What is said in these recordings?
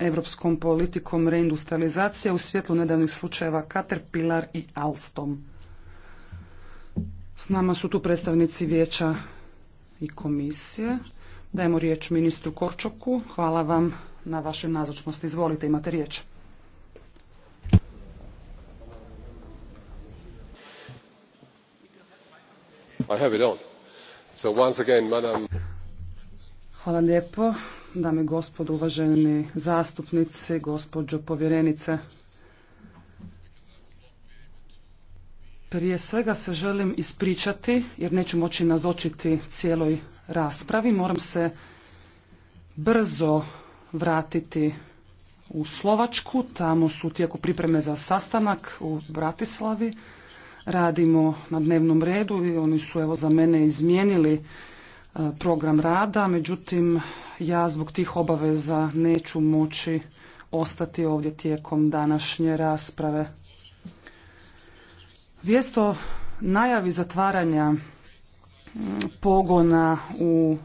europskom politikom reindustrializacije u svjetlu nedavnih slučajeva Caterpillar i Alstom. S nama su tu predstavnici vijeća i komisije. Dajemo riječ ministru Korčoku. Hvala vam na vašoj nazočnosti. Izvolite, imate riječ. I have Hvala lijepo. Dame i gospodo, uvaženi zastupnici, gospođo povjerenice. Prije svega se želim ispričati jer neću moći nazočiti cijeloj raspravi. Moram se brzo vratiti u Slovačku. Tamo su tijeku pripreme za sastanak u Bratislavi. Radimo na dnevnom redu i oni su evo za mene izmijenili E, program rada, međutim ja zbog tih obaveza neću moći ostati ovdje tijekom današnje rasprave. Vijesto najavi zatvaranja pogona u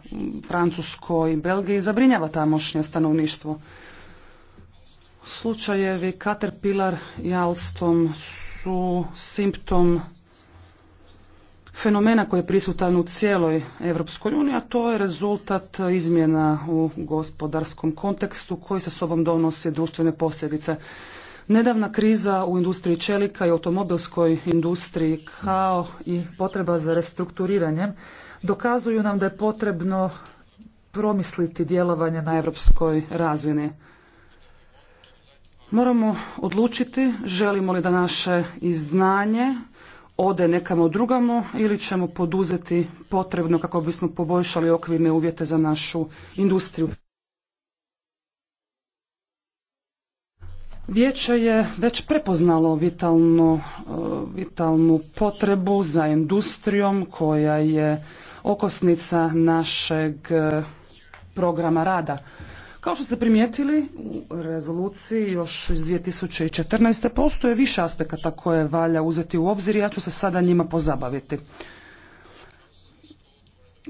Francuskoj i Belgiji zabrinjava tamošnje stanovništvo. Slučajevi Caterpillar i Alstom su simptom fenomena koji je prisutan u cijeloj Europskoj uniji, a to je rezultat izmjena u gospodarskom kontekstu koji sa sobom donosi društvene posljedice. Nedavna kriza u industriji čelika i automobilskoj industriji kao i potreba za restrukturiranjem dokazuju nam da je potrebno promisliti djelovanje na europskoj razini. Moramo odlučiti želimo li da naše iznanje ode nekamo drugamo ili ćemo poduzeti potrebno kako bismo poboljšali okvirne uvjete za našu industriju. Vijeće je već prepoznalo vitalno, e, vitalnu potrebu za industrijom koja je okosnica našeg e, programa rada. Kao što ste primijetili u rezoluciji još iz 2014. postoje više aspekata koje valja uzeti u obzir i ja ću se sada njima pozabaviti.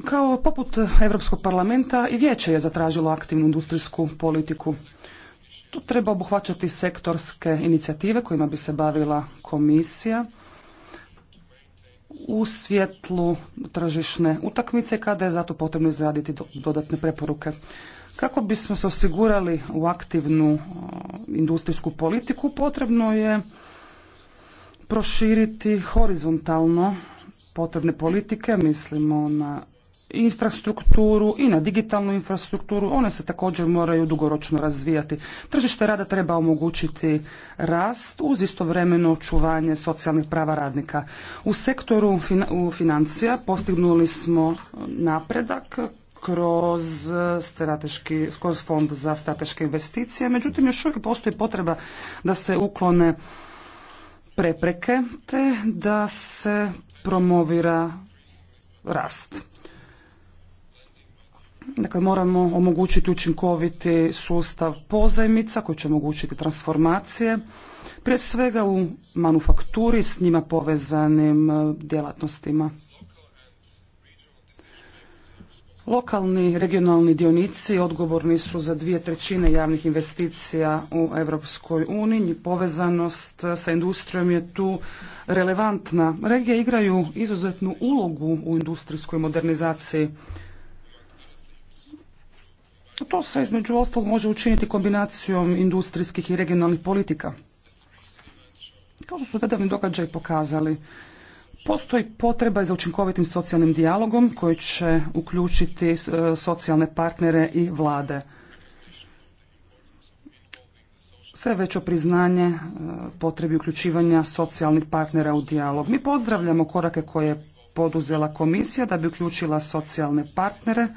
Kao poput Europskog parlamenta i vijeće je zatražilo aktivnu industrijsku politiku. Tu treba obuhvaćati sektorske inicijative kojima bi se bavila komisija u svjetlu tržišne utakmice kada je zato potrebno izraditi dodatne preporuke. Kako bismo se osigurali u aktivnu industrijsku politiku, potrebno je proširiti horizontalno potrebne politike, mislimo na infrastrukturu i na digitalnu infrastrukturu. One se također moraju dugoročno razvijati. Tržište rada treba omogućiti rast uz istovremeno očuvanje socijalnih prava radnika. U sektoru financija postignuli smo napredak kroz e, strateški, kroz fond za strateške investicije. Međutim, još uvijek postoji potreba da se uklone prepreke te da se promovira rast. Dakle, moramo omogućiti učinkoviti sustav pozajmica koji će omogućiti transformacije, prije svega u manufakturi s njima povezanim e, djelatnostima. Lokalni regionalni dionici odgovorni su za dvije trećine javnih investicija u Europskoj uniji. Povezanost sa industrijom je tu relevantna. Regije igraju izuzetnu ulogu u industrijskoj modernizaciji. To se između ostalog može učiniti kombinacijom industrijskih i regionalnih politika. Kao što su nedavni događaj pokazali, Postoji potreba za učinkovitim socijalnim dijalogom koji će uključiti e, socijalne partnere i vlade. Sve veće priznanje e, potrebi uključivanja socijalnih partnera u dijalog. Mi pozdravljamo korake koje je poduzela komisija da bi uključila socijalne partnere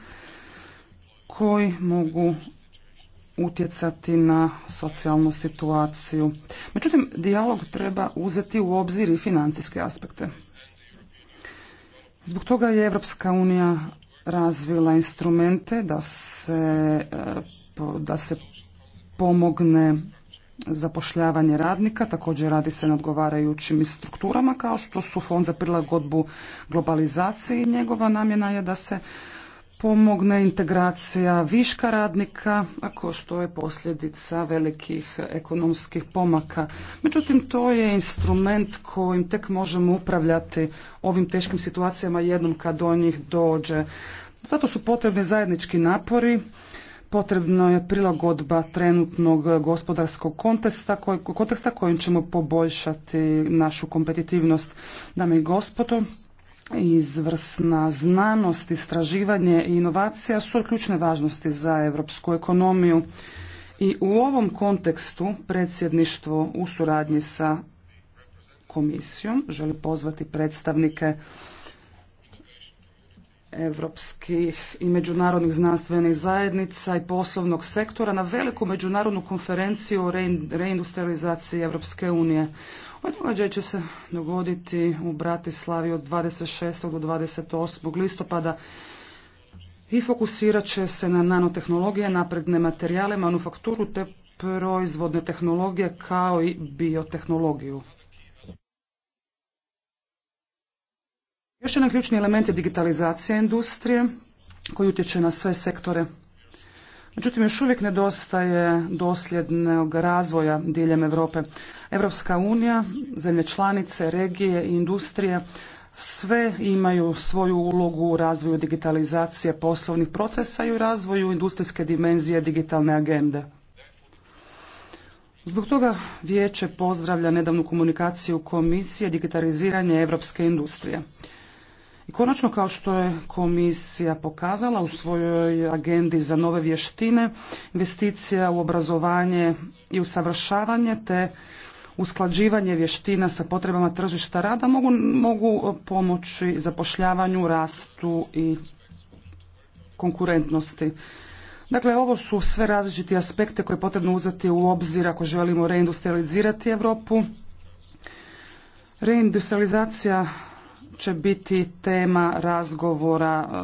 koji mogu utjecati na socijalnu situaciju. Međutim, dijalog treba uzeti u obzir i financijske aspekte. Zbog toga je Europska unija razvila instrumente da se, e, da se pomogne zapošljavanje radnika, također radi se na odgovarajućim strukturama kao što su Fond za prilagodbu globalizaciji. Njegova namjena je da se pomogne integracija viška radnika, ako što je posljedica velikih ekonomskih pomaka. Međutim, to je instrument kojim tek možemo upravljati ovim teškim situacijama jednom kad do njih dođe. Zato su potrebni zajednički napori, Potrebna je prilagodba trenutnog gospodarskog konteksta, konteksta kojim ćemo poboljšati našu kompetitivnost. Dame i gospodo, Izvrsna znanost, istraživanje i inovacija su ključne važnosti za europsku ekonomiju. I u ovom kontekstu predsjedništvo u suradnji sa komisijom želi pozvati predstavnike europskih i međunarodnih znanstvenih zajednica i poslovnog sektora na veliku međunarodnu konferenciju o reindustrializaciji Europske unije. Pa događaj će se dogoditi u Bratislavi od 26. do 28. listopada i fokusirat će se na nanotehnologije, napredne materijale, manufakturu te proizvodne tehnologije kao i biotehnologiju. Još jedan ključni element je digitalizacija industrije koji utječe na sve sektore Međutim, još uvijek nedostaje dosljednog razvoja diljem Europe. Europska unija, zemlje članice, regije i industrije sve imaju svoju ulogu u razvoju digitalizacije poslovnih procesa i u razvoju industrijske dimenzije digitalne agende. Zbog toga vijeće pozdravlja nedavnu komunikaciju komisije digitaliziranje europske industrije. I konačno, kao što je komisija pokazala u svojoj agendi za nove vještine, investicija u obrazovanje i usavršavanje te usklađivanje vještina sa potrebama tržišta rada mogu, mogu pomoći zapošljavanju, rastu i konkurentnosti. Dakle, ovo su sve različiti aspekte koje je potrebno uzeti u obzir ako želimo reindustrializirati Europu. Reindustrializacija će biti tema razgovora e,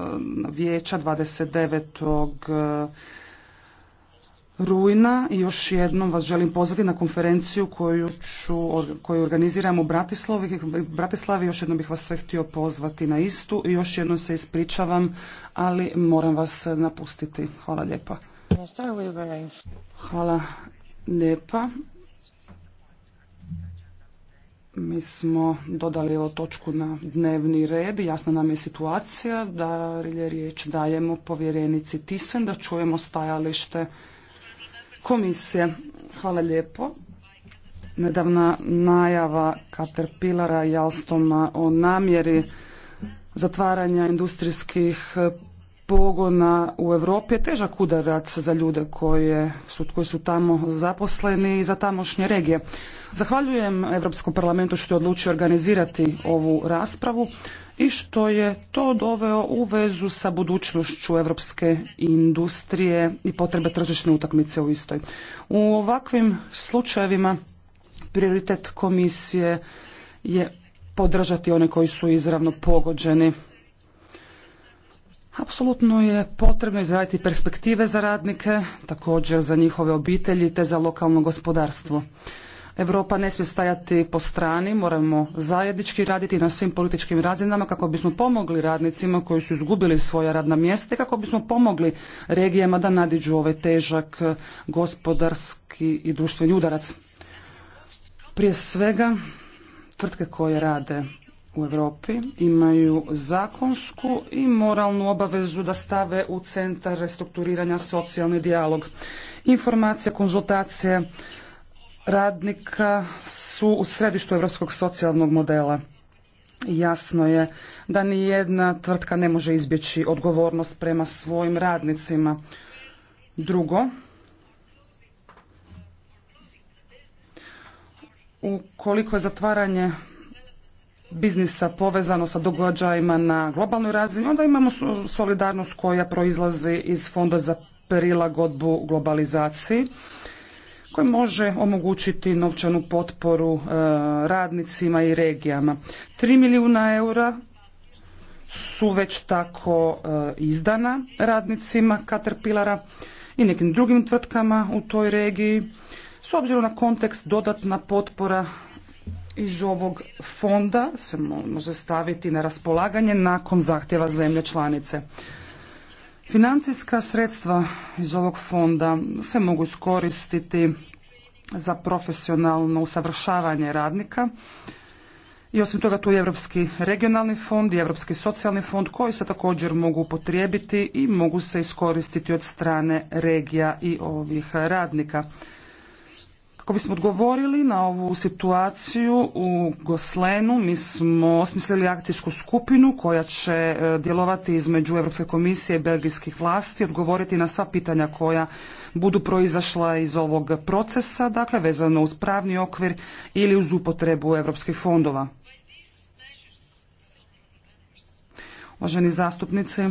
vijeća 29. E, rujna. I još jednom vas želim pozvati na konferenciju koju, organiziramo koju organiziram u Bratislavi. Bratislavi. Još jednom bih vas sve htio pozvati na istu i još jednom se ispričavam, ali moram vas napustiti. Hvala lijepa. Hvala lijepa mi smo dodali ovu točku na dnevni red jasna nam je situacija da je riječ dajemo povjerenici Tisen da čujemo stajalište komisije. Hvala lijepo. Nedavna najava Caterpillara i Alstoma o namjeri zatvaranja industrijskih pogona u Europi je težak udarac za ljude koje su, koji su tamo zaposleni i za tamošnje regije. Zahvaljujem Europskom parlamentu što je odlučio organizirati ovu raspravu i što je to doveo u vezu sa budućnošću europske industrije i potrebe tržišne utakmice u istoj. U ovakvim slučajevima prioritet komisije je podržati one koji su izravno pogođeni Apsolutno je potrebno izraditi perspektive za radnike, također za njihove obitelji te za lokalno gospodarstvo. Europa ne smije stajati po strani, moramo zajednički raditi na svim političkim razinama kako bismo pomogli radnicima koji su izgubili svoja radna mjesta i kako bismo pomogli regijama da nadiđu ovaj težak gospodarski i društveni udarac. Prije svega, tvrtke koje rade u Europi imaju zakonsku i moralnu obavezu da stave u centar restrukturiranja socijalni dijalog. Informacije, konzultacije radnika su u središtu europskog socijalnog modela. Jasno je da ni jedna tvrtka ne može izbjeći odgovornost prema svojim radnicima. Drugo, ukoliko je zatvaranje biznisa povezano sa događajima na globalnoj razini, onda imamo solidarnost koja proizlazi iz Fonda za prilagodbu globalizaciji koji može omogućiti novčanu potporu e, radnicima i regijama. 3 milijuna eura su već tako e, izdana radnicima Caterpillara i nekim drugim tvrtkama u toj regiji. S obzirom na kontekst dodatna potpora iz ovog fonda se može staviti na raspolaganje nakon zahtjeva zemlje članice. Financijska sredstva iz ovog fonda se mogu iskoristiti za profesionalno usavršavanje radnika i osim toga tu je Europski regionalni fond i Europski socijalni fond koji se također mogu upotrijebiti i mogu se iskoristiti od strane regija i ovih radnika. Kako bismo odgovorili na ovu situaciju u Goslenu, mi smo osmislili akcijsku skupinu koja će e, djelovati između Europske komisije i belgijskih vlasti, odgovoriti na sva pitanja koja budu proizašla iz ovog procesa, dakle vezano uz pravni okvir ili uz upotrebu europskih fondova. Uvaženi zastupnici,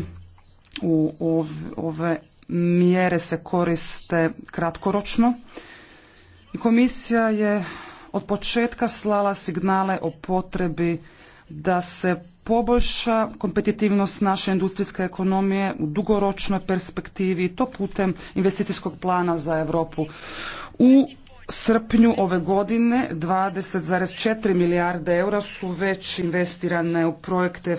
u ove mjere se koriste kratkoročno i Komisija je od početka slala signale o potrebi da se poboljša kompetitivnost naše industrijske ekonomije u dugoročnoj perspektivi i to putem investicijskog plana za Europu. U srpnju ove godine 20,4 milijarde eura su već investirane u projekte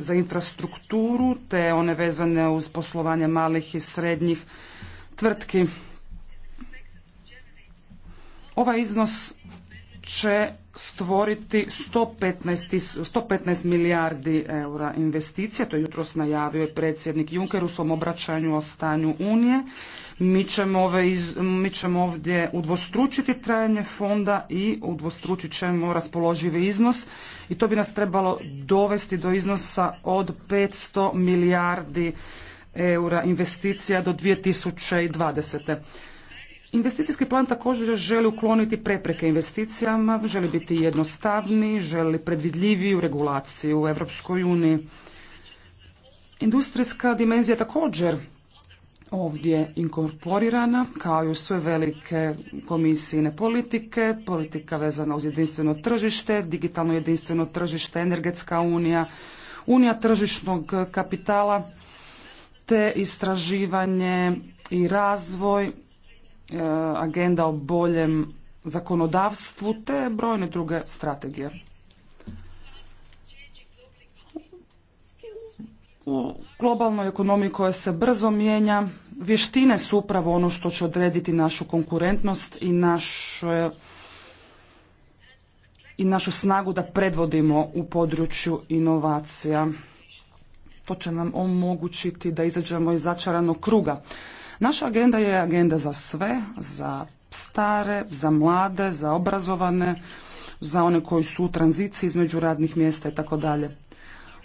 za infrastrukturu te one vezane uz poslovanje malih i srednjih tvrtki. Ovaj iznos će stvoriti 115, 115 milijardi eura investicija. To je jutros najavio je predsjednik Juncker u svom obraćanju o stanju Unije. Mi ćemo, mi ćemo ovdje udvostručiti trajanje fonda i udvostručit ćemo raspoloživi iznos i to bi nas trebalo dovesti do iznosa od 500 milijardi eura investicija do 2020. Investicijski plan također želi ukloniti prepreke investicijama, želi biti jednostavniji, želi predvidljiviju regulaciju u Europskoj uniji. Industrijska dimenzija također ovdje inkorporirana, kao i u sve velike komisijine politike, politika vezana uz jedinstveno tržište, digitalno jedinstveno tržište, energetska unija, unija tržišnog kapitala, te istraživanje i razvoj, E, agenda o boljem zakonodavstvu te brojne druge strategije. U globalnoj ekonomiji koja se brzo mijenja, vještine su upravo ono što će odrediti našu konkurentnost i našu, i našu snagu da predvodimo u području inovacija. To će nam omogućiti da izađemo iz začaranog kruga. Naša agenda je agenda za sve, za stare, za mlade, za obrazovane, za one koji su u tranziciji između radnih mjesta i tako dalje.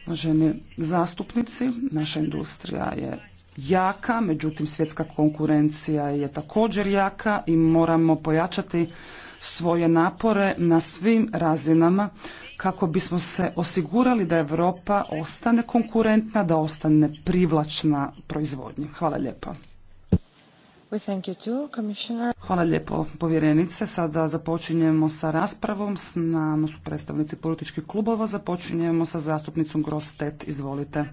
Uvaženi zastupnici, naša industrija je jaka, međutim svjetska konkurencija je također jaka i moramo pojačati svoje napore na svim razinama kako bismo se osigurali da Europa ostane konkurentna, da ostane privlačna proizvodnja. Hvala lijepa. Hvala lijepo povjerenice. Sada započinjemo sa raspravom. S nama su predstavnici političkih klubova. Započinjemo sa zastupnicom Grostet. Izvolite.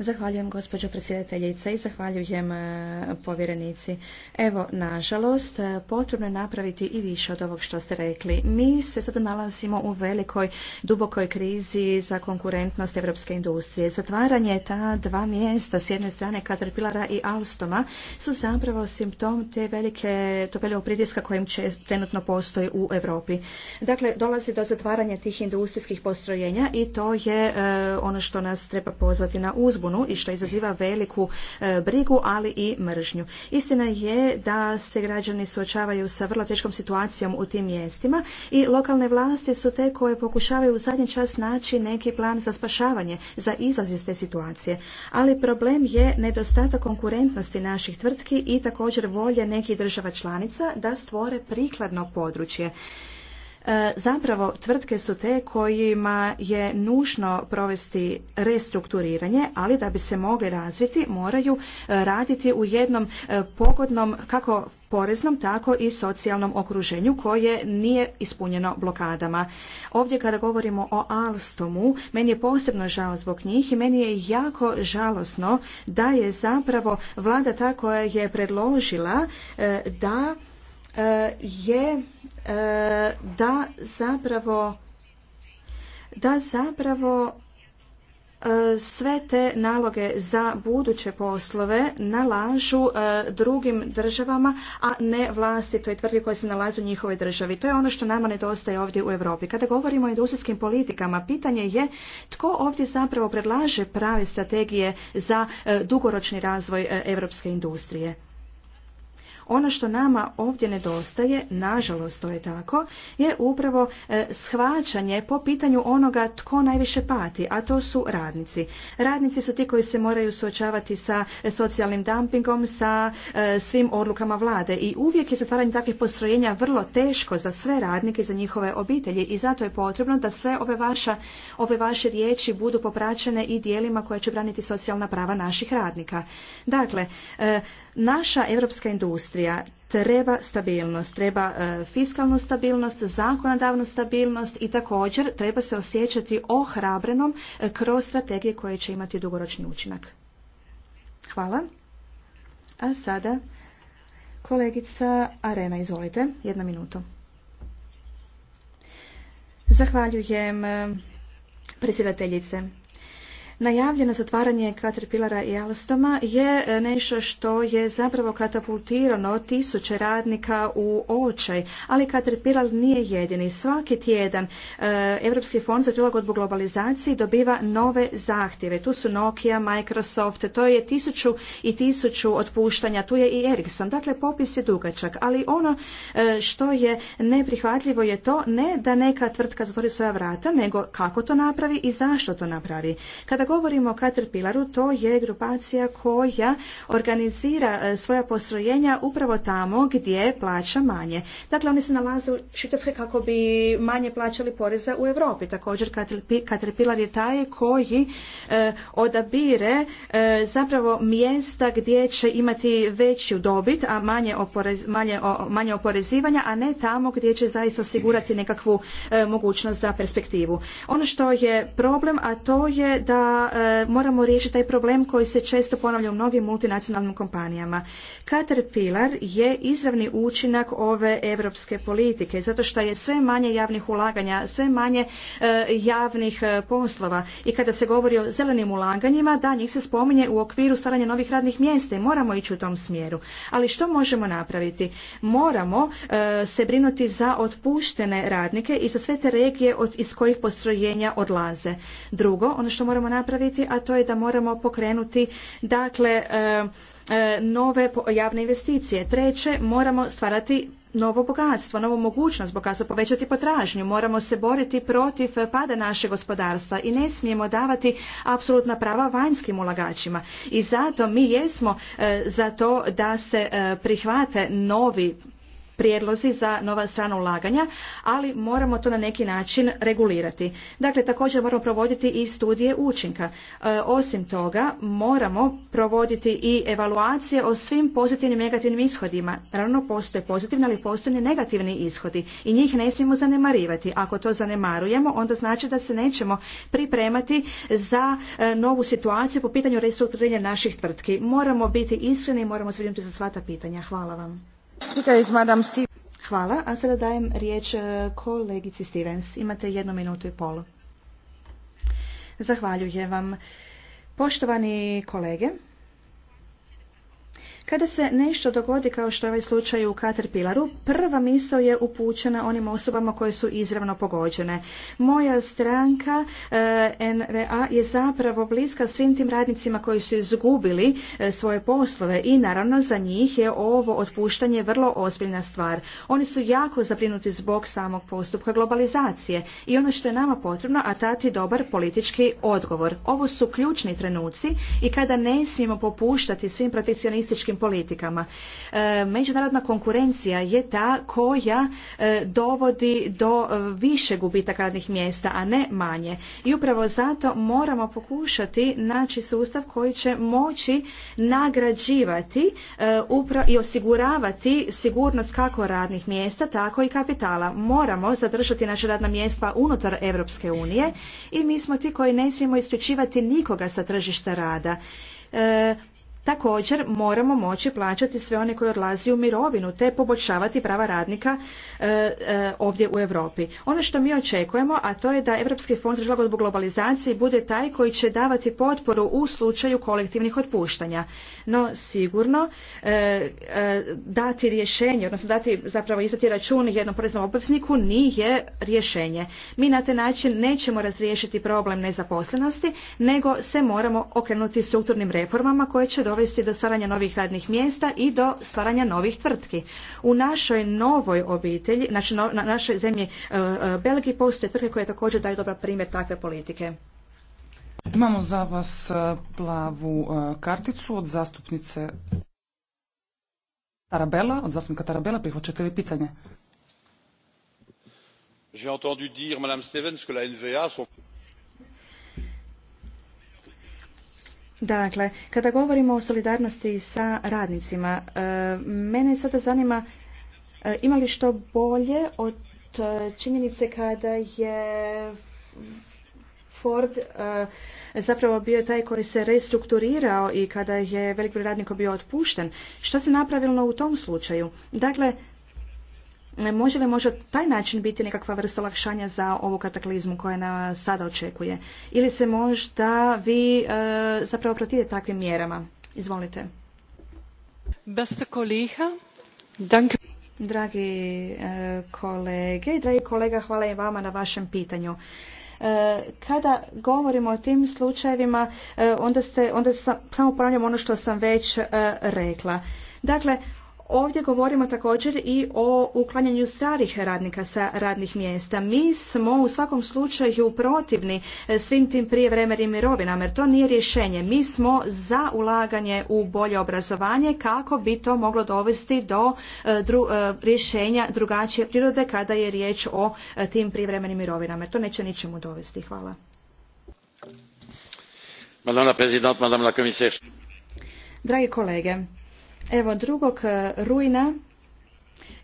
Zahvaljujem gospođo predsjedateljice i zahvaljujem e, povjerenici. Evo, nažalost, e, potrebno je napraviti i više od ovog što ste rekli. Mi se sada nalazimo u velikoj, dubokoj krizi za konkurentnost evropske industrije. Zatvaranje ta dva mjesta, s jedne strane Caterpillara i Alstoma, su su zapravo simptom te velike, to velikog pritiska kojim će, trenutno postoji u Europi. Dakle, dolazi do zatvaranja tih industrijskih postrojenja i to je e, ono što nas treba pozvati na uzbunu i što izaziva veliku e, brigu, ali i mržnju. Istina je da se građani suočavaju sa vrlo teškom situacijom u tim mjestima i lokalne vlasti su te koje pokušavaju u zadnji čas naći neki plan za spašavanje, za izlaz iz te situacije. Ali problem je nedostatak konkurentnosti naših tvrtka i također volje nekih država članica da stvore prikladno područje E, zapravo tvrtke su te kojima je nužno provesti restrukturiranje, ali da bi se mogli razviti moraju e, raditi u jednom e, pogodnom kako poreznom tako i socijalnom okruženju koje nije ispunjeno blokadama. Ovdje kada govorimo o Alstomu, meni je posebno žao zbog njih i meni je jako žalosno da je zapravo vlada ta koja je predložila da je E, da zapravo da zapravo e, sve te naloge za buduće poslove nalažu e, drugim državama, a ne vlastitoj tvrdi koja se nalazi u njihovoj državi. To je ono što nama nedostaje ovdje u Europi. Kada govorimo o industrijskim politikama, pitanje je tko ovdje zapravo predlaže prave strategije za dugoročni razvoj europske industrije. Ono što nama ovdje nedostaje, nažalost to je tako, je upravo e, shvaćanje po pitanju onoga tko najviše pati, a to su radnici. Radnici su ti koji se moraju suočavati sa e, socijalnim dumpingom, sa e, svim odlukama vlade i uvijek je zatvaranje takvih postrojenja vrlo teško za sve radnike, za njihove obitelji i zato je potrebno da sve ove, vaša, ove vaše riječi budu popraćene i dijelima koje će braniti socijalna prava naših radnika. Dakle, Naša europska industrija treba stabilnost, treba e, fiskalnu stabilnost, zakonodavnu stabilnost i također treba se osjećati ohrabrenom e, kroz strategije koje će imati dugoročni učinak. Hvala. A sada kolegica Arena, izvolite, jedna minuta. Zahvaljujem e, predsjedateljice. Najavljeno zatvaranje Caterpillara i Alstoma je e, nešto što je zapravo katapultirano tisuće radnika u očaj, ali Caterpillar nije jedini. Svaki tjedan e, Europski fond za prilagodbu globalizaciji dobiva nove zahtjeve. Tu su Nokia, Microsoft, to je tisuću i tisuću otpuštanja, tu je i Ericsson. Dakle, popis je dugačak, ali ono e, što je neprihvatljivo je to ne da neka tvrtka zatvori svoja vrata, nego kako to napravi i zašto to napravi. Kada govorimo o Caterpillaru, to je grupacija koja organizira e, svoja postrojenja upravo tamo gdje plaća manje. Dakle, oni se nalaze u Švicarskoj kako bi manje plaćali poreze u Europi. Također, Caterpillar je taj koji e, odabire e, zapravo mjesta gdje će imati veću dobit, a manje, manje, oporezivanja, a ne tamo gdje će zaista osigurati nekakvu mogućnost za perspektivu. Ono što je problem, a to je da E, moramo riješiti taj problem koji se često ponavlja u mnogim multinacionalnim kompanijama. Caterpillar je izravni učinak ove europske politike zato što je sve manje javnih ulaganja, sve manje e, javnih e, poslova i kada se govori o zelenim ulaganjima, da njih se spominje u okviru stvaranja novih radnih mjesta i moramo ići u tom smjeru. Ali što možemo napraviti? Moramo se brinuti za otpuštene radnike i za sve te regije od, iz kojih postrojenja odlaze. Drugo, ono što moramo napraviti napraviti, a to je da moramo pokrenuti dakle e, e, nove javne investicije. Treće, moramo stvarati novo bogatstvo, novu mogućnost bogatstva, povećati potražnju. Moramo se boriti protiv pada našeg gospodarstva i ne smijemo davati apsolutna prava vanjskim ulagačima. I zato mi jesmo e, za to da se prihvate novi prijedlozi za nova strana ulaganja, ali moramo to na neki način regulirati. Dakle, također moramo provoditi i studije učinka. E, osim toga, moramo provoditi i evaluacije o svim pozitivnim i negativnim ishodima. Naravno, postoje pozitivni, ali postoje i negativni ishodi i njih ne smijemo zanemarivati. Ako to zanemarujemo, onda znači da se nećemo pripremati za e, novu situaciju po pitanju restrukturiranja naših tvrtki. Moramo biti iskreni i moramo se za sva ta pitanja. Hvala vam. Hvala, a sada dajem riječ e, kolegici Stevens. Imate jednu minutu i pol. Zahvaljujem vam. Poštovani kolege, kada se nešto dogodi kao što je ovaj slučaj u Caterpillaru, prva misao je upućena onim osobama koje su izravno pogođene. Moja stranka eh, NRA je zapravo bliska svim tim radnicima koji su izgubili eh, svoje poslove i naravno za njih je ovo otpuštanje vrlo ozbiljna stvar. Oni su jako zabrinuti zbog samog postupka globalizacije i ono što je nama potrebno, a tati dobar politički odgovor. Ovo su ključni trenuci i kada ne smijemo popuštati svim protekcionističkim politikama. E, međunarodna konkurencija je ta koja e, dovodi do e, više gubitaka radnih mjesta, a ne manje. I upravo zato moramo pokušati naći sustav koji će moći nagrađivati i osiguravati sigurnost kako radnih mjesta, tako i kapitala. Moramo zadržati naše radna mjesta unutar Europske unije i mi smo ti koji ne smijemo isključivati nikoga sa tržišta rada. Također moramo moći plaćati sve one koji odlazi u mirovinu te poboljšavati prava radnika e, e, ovdje u Europi. Ono što mi očekujemo, a to je da Europski fond za prilagodbu globalizaciji bude taj koji će davati potporu u slučaju kolektivnih otpuštanja. No sigurno e, dati rješenje, odnosno dati zapravo izdati račun jednom poreznom obvezniku nije rješenje. Mi na taj način nećemo razriješiti problem nezaposlenosti, nego se moramo okrenuti strukturnim reformama koje će do dovesti do stvaranja novih radnih mjesta i do stvaranja novih tvrtki. U našoj novoj obitelji, znači na našoj zemlji e, e, Belgiji postoje tvrtke koje također daju dobar primjer takve politike. Imamo za vas e, plavu karticu od zastupnice Tarabela, od zastupnika Tarabela, prihvaćate li pitanje? J'ai entendu dire, madame Stevens, NVA Dakle, kada govorimo o solidarnosti sa radnicima, e, mene sada zanima e, ima li što bolje od e, činjenice kada je Ford zapravo bio taj koji se restrukturirao i kada je velik broj radnika bio otpušten. Što se napravilo u tom slučaju? Dakle, Može li možda taj način biti nekakva vrsta olakšanja za ovu kataklizmu koja nas sada očekuje? Ili se možda vi e, zapravo protivite takvim mjerama? Izvolite. Beste kolega, danke. Dragi e, kolege i dragi kolega, hvala i vama na vašem pitanju. E, kada govorimo o tim slučajevima, onda, ste, onda samo ponavljam ono što sam već rekla. Dakle, Ovdje govorimo također i o uklanjanju starih radnika sa radnih mjesta. Mi smo u svakom slučaju protivni e, svim tim prijevremenim mirovinama jer to nije rješenje. Mi smo za ulaganje u bolje obrazovanje kako bi to moglo dovesti do e, e, rješenja drugačije prirode kada je riječ o tim prijevremenim mirovinama jer to neće ničemu dovesti. Hvala. Madame madame la Dragi kolege, Evo, drugog, eh, rujna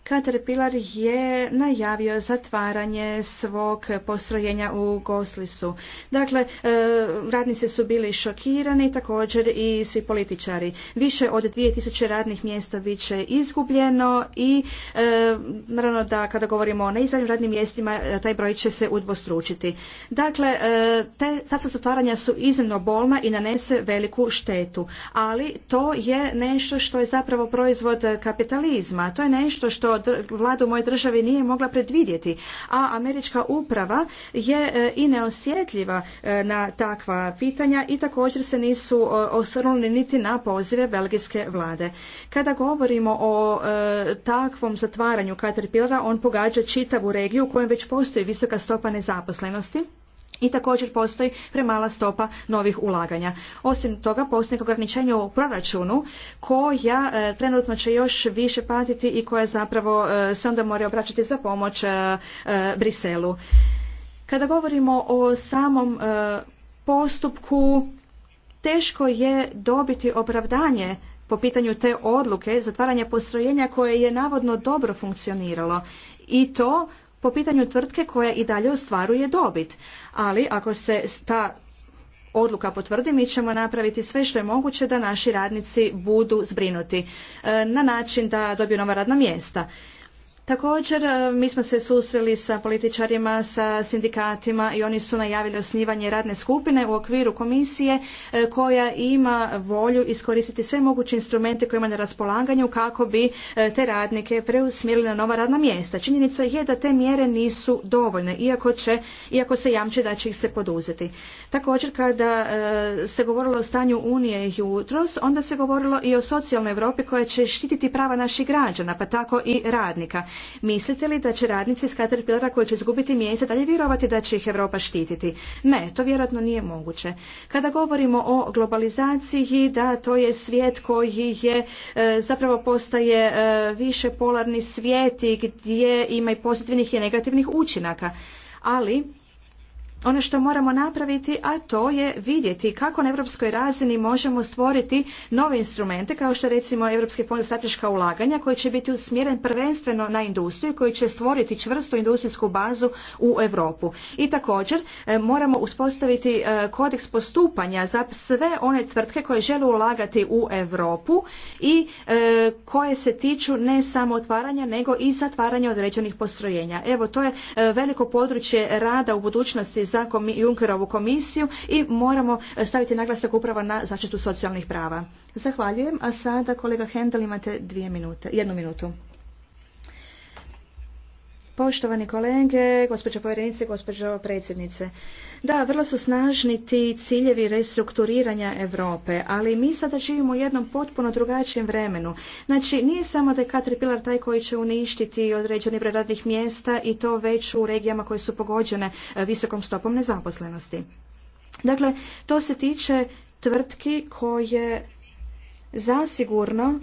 Caterpillar je najavio zatvaranje svog postrojenja u Goslisu. Dakle, e, radnici su bili šokirani, također i svi političari. Više od 2000 radnih mjesta bit će izgubljeno i e, naravno da kada govorimo o neizravnim radnim mjestima, e, taj broj će se udvostručiti. Dakle, te, ta zatvaranja su iznimno bolna i nanese veliku štetu. Ali to je nešto što je zapravo proizvod kapitalizma. To je nešto što vlada u mojoj državi nije mogla predvidjeti. A američka uprava je e, i neosjetljiva e, na takva pitanja i također se nisu osvrnuli niti na pozive belgijske vlade. Kada govorimo o e, takvom zatvaranju Caterpillara, on pogađa čitavu regiju u kojem već postoji visoka stopa nezaposlenosti i također postoji premala stopa novih ulaganja. Osim toga, postoji ograničenje u proračunu koja e, trenutno će još više patiti i koja zapravo e, se onda mora obraćati za pomoć e, Briselu. Kada govorimo o samom postupku, teško je dobiti opravdanje po pitanju te odluke zatvaranja postrojenja koje je navodno dobro funkcioniralo i to po pitanju tvrtke koja i dalje ostvaruje dobit. Ali ako se ta odluka potvrdi, mi ćemo napraviti sve što je moguće da naši radnici budu zbrinuti e, na način da dobiju nova radna mjesta. Također, e, mi smo se susreli sa političarima, sa sindikatima i oni su najavili osnivanje radne skupine u okviru komisije e, koja ima volju iskoristiti sve moguće instrumente koje ima na raspolaganju kako bi e, te radnike preusmjerili na nova radna mjesta. Činjenica je da te mjere nisu dovoljne, iako, će, iako se jamči da će ih se poduzeti. Također, kada se govorilo o stanju Unije jutros, onda se govorilo i o socijalnoj Europi koja će štititi prava naših građana, pa tako i radnika Mislite li da će radnici iz Caterpillara koji će izgubiti mjesta dalje vjerovati da će ih Europa štititi? Ne, to vjerojatno nije moguće. Kada govorimo o globalizaciji, da to je svijet koji je e, zapravo postaje e, više polarni svijet i gdje ima i pozitivnih i negativnih učinaka. Ali ono što moramo napraviti, a to je vidjeti kako na europskoj razini možemo stvoriti nove instrumente, kao što recimo Europski fond za strateška ulaganja, koji će biti usmjeren prvenstveno na industriju, koji će stvoriti čvrstu industrijsku bazu u Europu. I također e, moramo uspostaviti e, kodeks postupanja za sve one tvrtke koje žele ulagati u Europu i e, koje se tiču ne samo otvaranja, nego i zatvaranja određenih postrojenja. Evo, to je veliko područje rada u budućnosti za Junckerovu komisiju i moramo staviti naglasak upravo na zaštitu socijalnih prava. Zahvaljujem, a sada kolega Hendel imate dvije minute, jednu minutu. Poštovani kolege, gospođo povjerenice, gospođo predsjednice. Da, vrlo su snažni ti ciljevi restrukturiranja Europe, ali mi sada živimo u jednom potpuno drugačijem vremenu. Znači, nije samo da je pilar taj koji će uništiti određeni broj radnih mjesta i to već u regijama koje su pogođene e, visokom stopom nezaposlenosti. Dakle, to se tiče tvrtki koje zasigurno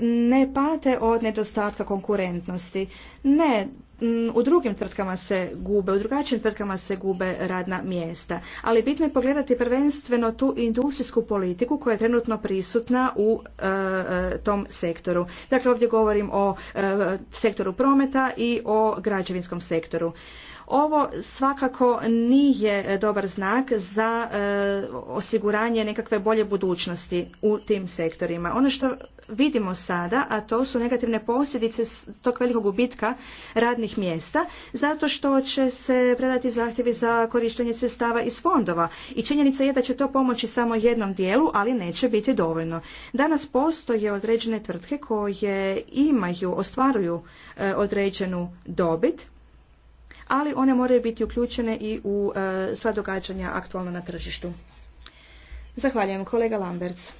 ne pate od nedostatka konkurentnosti. Ne, u drugim tvrtkama se gube, u drugačijim tvrtkama se gube radna mjesta. Ali bitno je pogledati prvenstveno tu industrijsku politiku koja je trenutno prisutna u e, e, tom sektoru. Dakle, ovdje govorim o e, sektoru prometa i o građevinskom sektoru. Ovo svakako nije dobar znak za osiguranje nekakve bolje budućnosti u tim sektorima. Ono što vidimo sada, a to su negativne posljedice tog velikog gubitka radnih mjesta, zato što će se predati zahtjevi za korištenje sredstava iz fondova. I činjenica je da će to pomoći samo jednom dijelu, ali neće biti dovoljno. Danas postoje određene tvrtke koje imaju, ostvaruju e, određenu dobit, ali one moraju biti uključene i u e, sva događanja aktualno na tržištu. Zahvaljujem kolega Lamberts.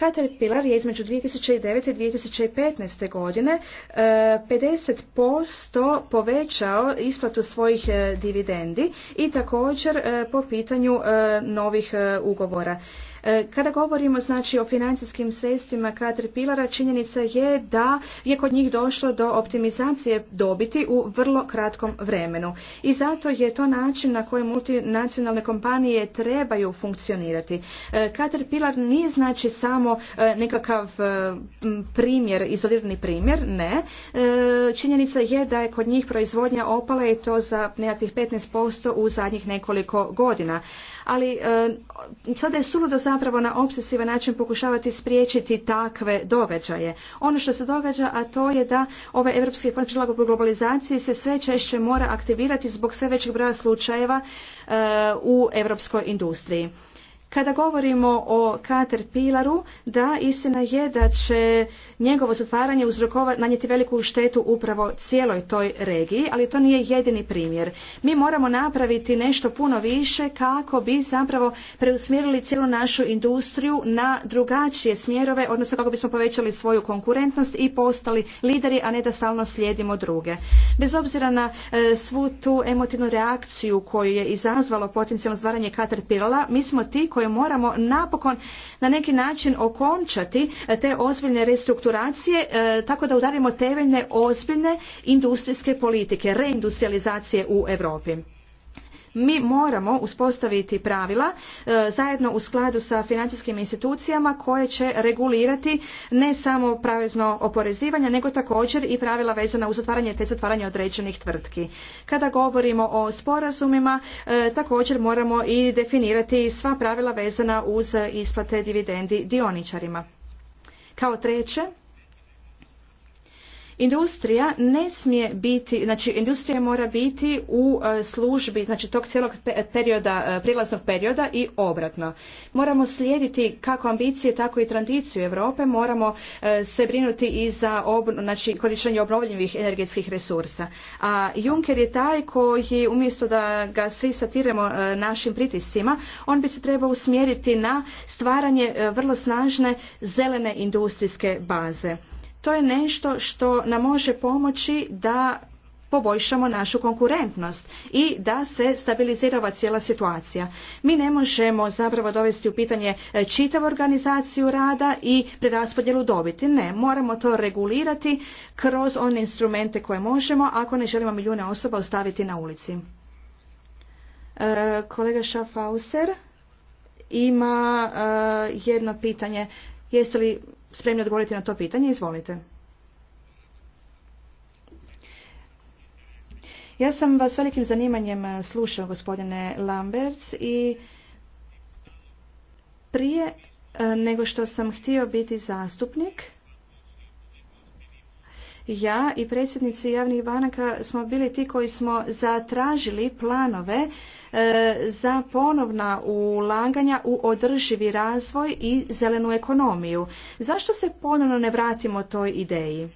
Caterpillar je između 2009. i 2015. godine 50% e, povećao isplatu svojih e, dividendi i također e, po pitanju novih ugovora. E, kada govorimo znači o financijskim sredstvima Caterpillara, činjenica je da je kod njih došlo do optimizacije dobiti u vrlo kratkom vremenu. I zato je to način na koji multinacionalne kompanije trebaju funkcionirati. Caterpillar e, nije znači samo e, nekakav primjer, izolirani primjer, ne. Činjenica je da je kod njih proizvodnja opala i to za nekakvih 15% u zadnjih nekoliko godina ali e, sada je suludo zapravo na obsesivan način pokušavati spriječiti takve događaje. Ono što se događa, a to je da ovaj Europski fond po globalizaciji se sve češće mora aktivirati zbog sve većeg broja slučajeva e, u europskoj industriji. Kada govorimo o Caterpillaru, da istina je da će njegovo zatvaranje uzrokovati, nanijeti veliku štetu upravo cijeloj toj regiji, ali to nije jedini primjer. Mi moramo napraviti nešto puno više kako bi zapravo preusmjerili cijelu našu industriju na drugačije smjerove, odnosno kako bismo povećali svoju konkurentnost i postali lideri, a ne da stalno slijedimo druge. Bez obzira na e, svu tu emotivnu reakciju koju je izazvalo potencijalno stvaranje Caterpillara, mi smo ti koji moramo napokon na neki način okončati e, te ozbiljne restrukturacije e, tako da udarimo temeljne ozbiljne industrijske politike, reindustrializacije u Europi mi moramo uspostaviti pravila e, zajedno u skladu sa financijskim institucijama koje će regulirati ne samo pravezno oporezivanje nego također i pravila vezana uz otvaranje te zatvaranje određenih tvrtki. Kada govorimo o sporazumima e, također moramo i definirati sva pravila vezana uz isplate dividendi dioničarima. Kao treće, Industrija ne smije biti, znači industrija mora biti u e, službi znači tog cijelog perioda, e, prilaznog perioda i obratno. Moramo slijediti kako ambicije, tako i tradiciju Europe, moramo e, se brinuti i za znači, korištenje obnovljivih energetskih resursa. A Juncker je taj koji umjesto da ga svi satiremo našim pritiscima, on bi se trebao usmjeriti na stvaranje vrlo snažne zelene industrijske baze to je nešto što nam može pomoći da poboljšamo našu konkurentnost i da se stabilizirava cijela situacija. Mi ne možemo zapravo dovesti u pitanje e, čitavu organizaciju rada i preraspodjelu dobiti. Ne, moramo to regulirati kroz one instrumente koje možemo ako ne želimo milijune osoba ostaviti na ulici. E, kolega Schaffhauser ima e, jedno pitanje. Jeste li spremni odgovoriti na to pitanje? Izvolite. Ja sam vas velikim zanimanjem eh, slušao, gospodine Lamberts, i prije eh, nego što sam htio biti zastupnik, ja i predsjednici javnih banaka smo bili ti koji smo zatražili planove e, za ponovna ulaganja u održivi razvoj i zelenu ekonomiju. Zašto se ponovno ne vratimo toj ideji?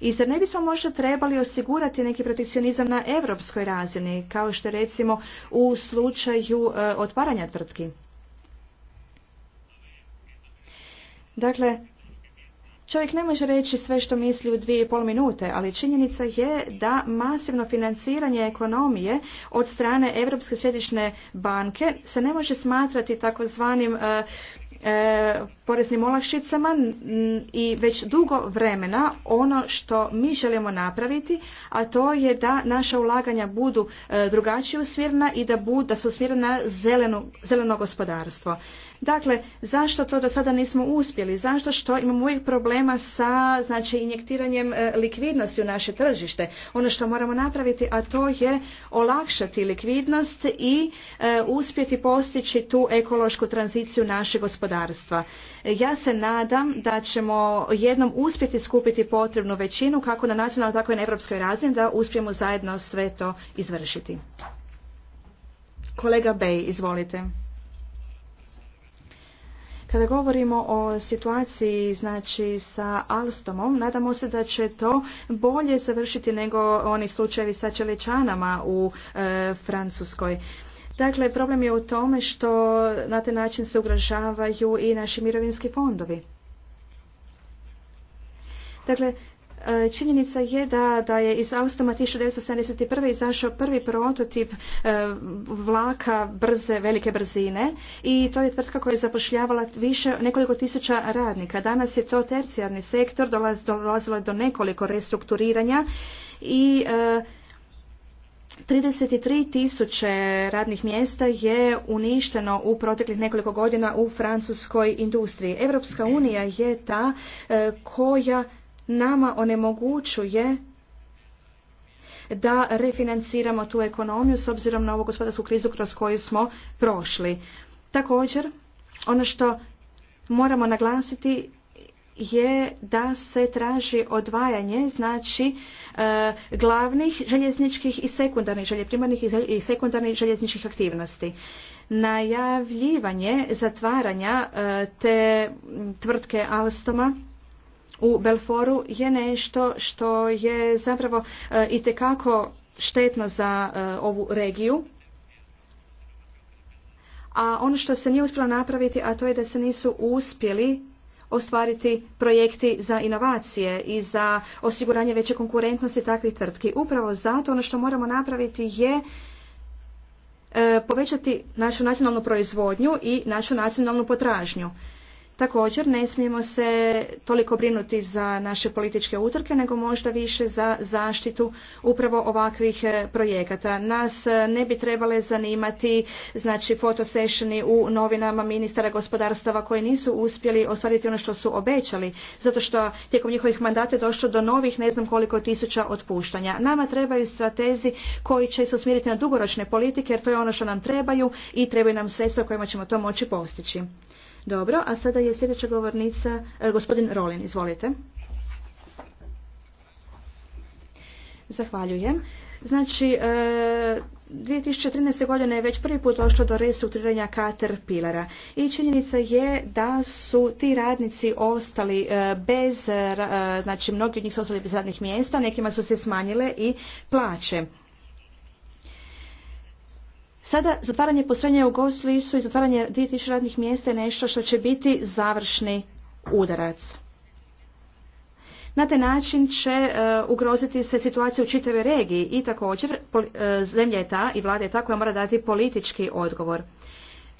I zar ne bismo možda trebali osigurati neki protekcionizam na europskoj razini, kao što recimo u slučaju e, otvaranja tvrtki? Dakle, Čovjek ne može reći sve što misli u dvije i pol minute, ali činjenica je da masivno financiranje ekonomije od strane Europske središnje banke se ne može smatrati takozvanim E, e poreznim olakšicama i već dugo vremena ono što mi želimo napraviti, a to je da naša ulaganja budu e, drugačije usmjerena i da, budu da su usmjerena na zeleno gospodarstvo. Dakle, zašto to do sada nismo uspjeli? Zašto što imamo uvijek problema sa znači, injektiranjem e, likvidnosti u naše tržište? Ono što moramo napraviti, a to je olakšati likvidnost i e, uspjeti postići tu ekološku tranziciju našeg gospodarstva. Ja se nadam da ćemo jednom uspjeti skupiti potrebnu većinu kako na nacionalnoj tako i na europskoj razini da uspijemo zajedno sve to izvršiti. Kolega Bey, izvolite. Kada govorimo o situaciji znači sa Alstomom, nadamo se da će to bolje završiti nego oni slučajevi sa čeličanama u e, Francuskoj. Dakle, problem je u tome što na taj način se ugrožavaju i naši mirovinski fondovi. Dakle, E, činjenica je da, da je iz sedamdeset 1971. izašao prvi prototip e, vlaka brze, velike brzine i to je tvrtka koja je zapošljavala više nekoliko tisuća radnika. Danas je to tercijarni sektor, dolaz, dolazilo je do nekoliko restrukturiranja i 33 e, tisuće radnih mjesta je uništeno u proteklih nekoliko godina u francuskoj industriji. Europska unija je ta koja nama onemogućuje da refinanciramo tu ekonomiju s obzirom na ovu gospodarsku krizu kroz koju smo prošli. Također, ono što moramo naglasiti je da se traži odvajanje znači e, glavnih željezničkih i sekundarnih želje, primarnih i sekundarnih željezničkih aktivnosti. Najavljivanje zatvaranja e, te tvrtke Alstoma u Belforu je nešto što je zapravo e, i tekako štetno za e, ovu regiju. A ono što se nije uspjelo napraviti, a to je da se nisu uspjeli ostvariti projekti za inovacije i za osiguranje veće konkurentnosti takvih tvrtki. Upravo zato ono što moramo napraviti je e, povećati našu nacionalnu proizvodnju i našu nacionalnu potražnju. Također ne smijemo se toliko brinuti za naše političke utrke, nego možda više za zaštitu upravo ovakvih e, projekata. Nas e, ne bi trebale zanimati znači fotosešeni u novinama ministara gospodarstava koji nisu uspjeli ostvariti ono što su obećali, zato što tijekom njihovih mandata došlo do novih ne znam koliko tisuća otpuštanja. Nama trebaju stratezi koji će se usmjeriti na dugoročne politike jer to je ono što nam trebaju i trebaju nam sredstva kojima ćemo to moći postići. Dobro, a sada je sljedeća govornica, e, gospodin Rolin, izvolite. Zahvaljujem. Znači, 2013. E, godine je već prvi put došlo do restrukturiranja Caterpillara i činjenica je da su ti radnici ostali e, bez, znači mnogi od njih su ostali bez radnih mjesta, nekima su se smanjile i plaće. Sada zatvaranje posrednje u lisu i zatvaranje 2000 radnih mjesta je nešto što će biti završni udarac. Na taj način će e, ugroziti se situacija u čitavoj regiji i također e, zemlja je ta i vlada je ta koja mora dati politički odgovor.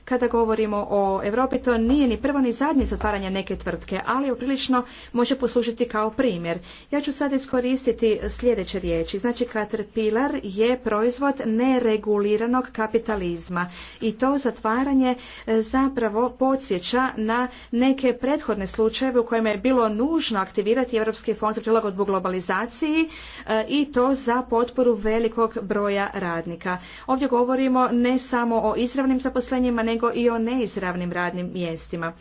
Kada govorimo o Europi, to nije ni prvo ni zadnje zatvaranje neke tvrtke, ali uprilično može poslužiti kao primjer. Ja ću sad iskoristiti sljedeće riječi. Znači, Caterpillar je proizvod nereguliranog kapitalizma i to zatvaranje e, zapravo podsjeća na neke prethodne slučajeve u kojima je bilo nužno aktivirati Europski fond za prilagodbu globalizaciji e, i to za potporu velikog broja radnika. Ovdje govorimo ne samo o izravnim zaposlenjima, ne nego i o neizravnim radnim mjestima.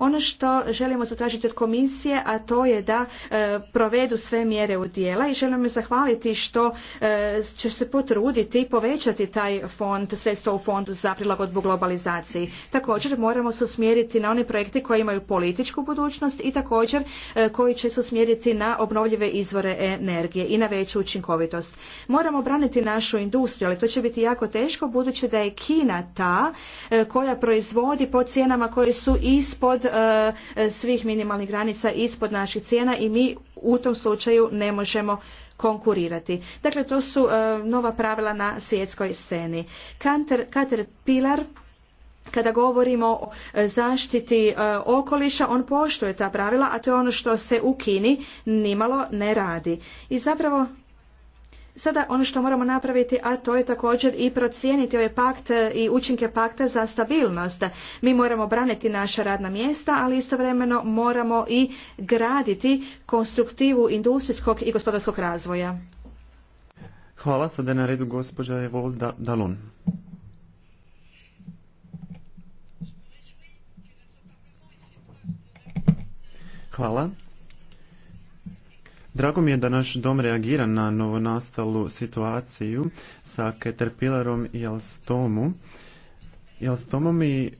Ono što želimo zatražiti od komisije, a to je da e, provedu sve mjere u dijela i želimo zahvaliti što e, će se potruditi povećati taj fond, sredstva u fondu za prilagodbu globalizaciji. Također moramo se usmjeriti na one projekte koji imaju političku budućnost i također e, koji će se usmjeriti na obnovljive izvore energije i na veću učinkovitost. Moramo braniti našu industriju, ali to će biti jako teško budući da je Kina ta koja proizvodi po cijenama koje su ispod E, svih minimalnih granica ispod naših cijena i mi u tom slučaju ne možemo konkurirati. Dakle, to su e, nova pravila na svjetskoj sceni. Caterpillar kada govorimo o zaštiti e, okoliša, on poštuje ta pravila, a to je ono što se u Kini nimalo ne radi. I zapravo Sada ono što moramo napraviti, a to je također i procijeniti ovaj pakt i učinke pakta za stabilnost. Mi moramo braniti naša radna mjesta, ali istovremeno moramo i graditi konstruktivu industrijskog i gospodarskog razvoja. Hvala, sada je na redu gospođa Evolda Dalun. Hvala. Drago mi je da naš dom reagira na novonastalu situaciju sa Caterpillarom i Alstomu. Alstomom i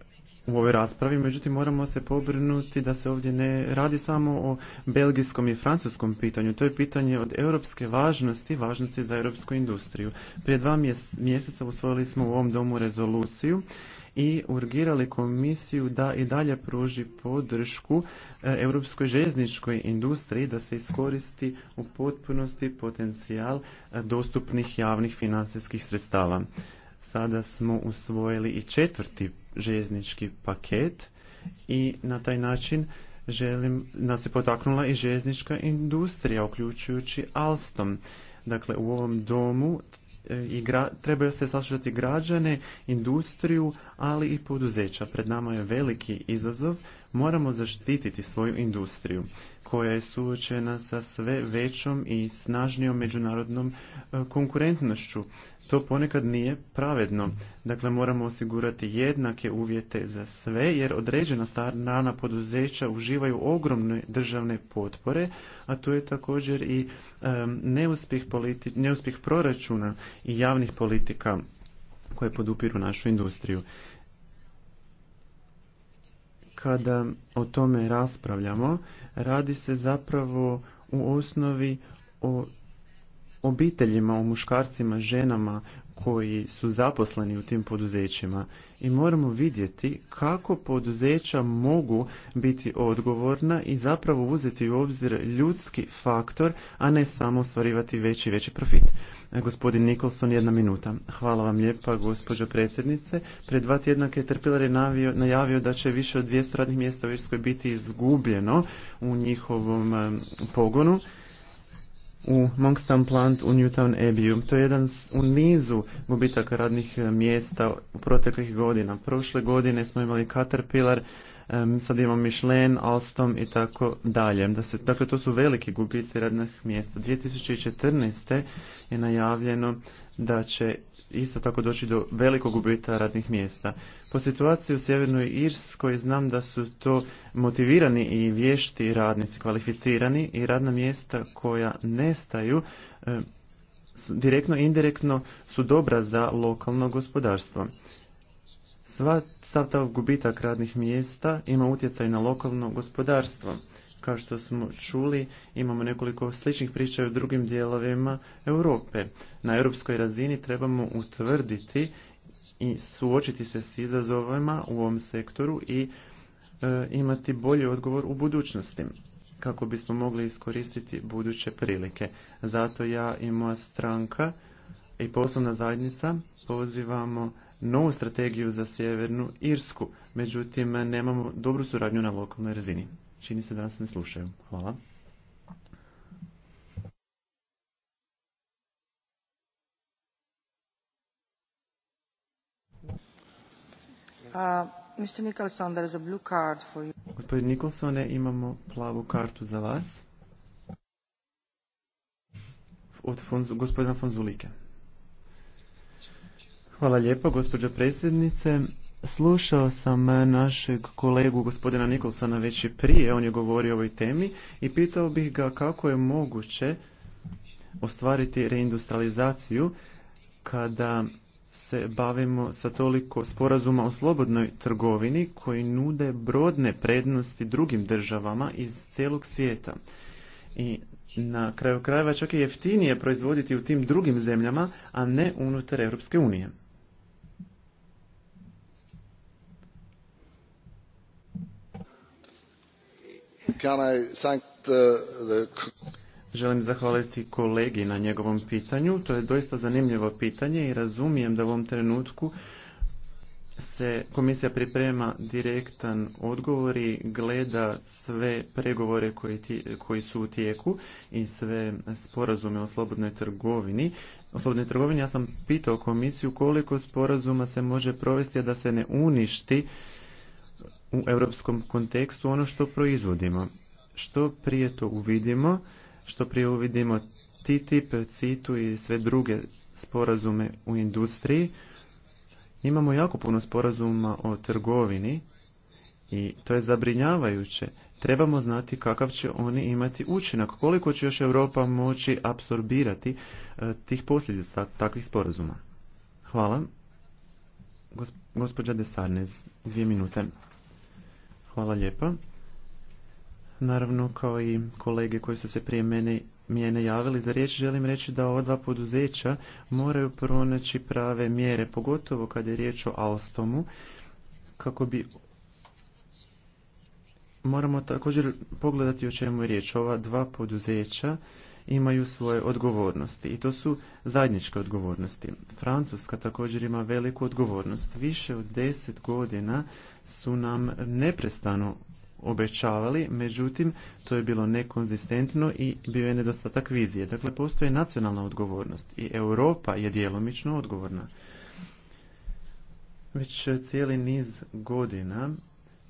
u ovoj raspravi, međutim moramo se pobrinuti da se ovdje ne radi samo o belgijskom i francuskom pitanju. To je pitanje od europske važnosti, važnosti za europsku industriju. Prije dva mjeseca usvojili smo u ovom domu rezoluciju i urgirali komisiju da i dalje pruži podršku e, europskoj željezničkoj industriji da se iskoristi u potpunosti potencijal e, dostupnih javnih financijskih sredstava. Sada smo usvojili i četvrti željeznički paket i na taj način želim da se potaknula i željeznička industrija uključujući Alstom. Dakle, u ovom domu i gra, trebaju se saslušati građane, industriju, ali i poduzeća. Pred nama je veliki izazov, moramo zaštititi svoju industriju koja je suočena sa sve većom i snažnijom međunarodnom e, konkurentnošću. To ponekad nije pravedno. Dakle, moramo osigurati jednake uvjete za sve, jer određena strana poduzeća uživaju ogromne državne potpore, a tu je također i e, neuspjeh, neuspjeh proračuna i javnih politika koje podupiru našu industriju kada o tome raspravljamo, radi se zapravo u osnovi o obiteljima, o muškarcima, ženama, koji su zaposleni u tim poduzećima i moramo vidjeti kako poduzeća mogu biti odgovorna i zapravo uzeti u obzir ljudski faktor, a ne samo ostvarivati veći i veći profit. E, gospodin Nikolson, jedna minuta. Hvala vam lijepa, gospođo predsjednice. Pred dva tjedna Caterpillar je najavio da će više od 200 radnih mjesta u Irskoj biti izgubljeno u njihovom pogonu u Monkstown plant u Newtown Abbey. To je jedan u nizu gubitaka radnih e, mjesta u proteklih godina. Prošle godine smo imali Caterpillar, e, sad imamo Michelin, Alstom i tako dalje. Da se, dakle, to su veliki gubici radnih mjesta. 2014. je najavljeno da će isto tako doći do velikog gubitka radnih mjesta. Po situaciji u Sjevernoj Irskoj znam da su to motivirani i vješti radnici, kvalificirani i radna mjesta koja nestaju e, direktno i indirektno su dobra za lokalno gospodarstvo. Sva, ta gubitak radnih mjesta ima utjecaj na lokalno gospodarstvo. Kao što smo čuli, imamo nekoliko sličnih priča u drugim dijelovima Europe. Na europskoj razini trebamo utvrditi i suočiti se s izazovima u ovom sektoru i e, imati bolji odgovor u budućnosti kako bismo mogli iskoristiti buduće prilike. Zato ja i moja stranka i poslovna zajednica pozivamo novu strategiju za Sjevernu Irsku, međutim nemamo dobru suradnju na lokalnoj razini. Čini se da nas ne slušaju. Hvala. Uh, Mr. Nicholson, there is a blue card for you. Gospodin Nicholson, imamo plavu kartu za vas. Od Fonzu, gospodina Fonzulike. Hvala lijepo, gospođo predsjednice. Slušao sam eh, našeg kolegu gospodina Nikolsana već i prije, on je govorio o ovoj temi i pitao bih ga kako je moguće ostvariti reindustrializaciju kada se bavimo sa toliko sporazuma o slobodnoj trgovini koji nude brodne prednosti drugim državama iz cijelog svijeta. I na kraju krajeva čak i jeftinije proizvoditi u tim drugim zemljama, a ne unutar Europske unije. Želim zahvaliti kolegi na njegovom pitanju. To je doista zanimljivo pitanje i razumijem da u ovom trenutku se komisija priprema direktan odgovor i gleda sve pregovore koji, koji su u tijeku i sve sporazume o slobodnoj trgovini. O slobodnoj trgovini ja sam pitao komisiju koliko sporazuma se može provesti a da se ne uništi u europskom kontekstu ono što proizvodimo. Što prije to uvidimo, što prije uvidimo TTIP, CITU i sve druge sporazume u industriji, imamo jako puno sporazuma o trgovini i to je zabrinjavajuće. Trebamo znati kakav će oni imati učinak, koliko će još Europa moći apsorbirati e, tih posljedica takvih sporazuma. Hvala. Gospođa Desarnez, dvije minute. Hvala lijepa. Naravno, kao i kolege koji su se prije mene mjene javili za riječ, želim reći da ova dva poduzeća moraju pronaći prave mjere, pogotovo kada je riječ o Alstomu, kako bi moramo također pogledati o čemu je riječ. Ova dva poduzeća imaju svoje odgovornosti i to su zajedničke odgovornosti. Francuska također ima veliku odgovornost. Više od deset godina su nam neprestano obećavali, međutim to je bilo nekonzistentno i bio je nedostatak vizije. Dakle, postoji nacionalna odgovornost i Europa je djelomično odgovorna. Već cijeli niz godina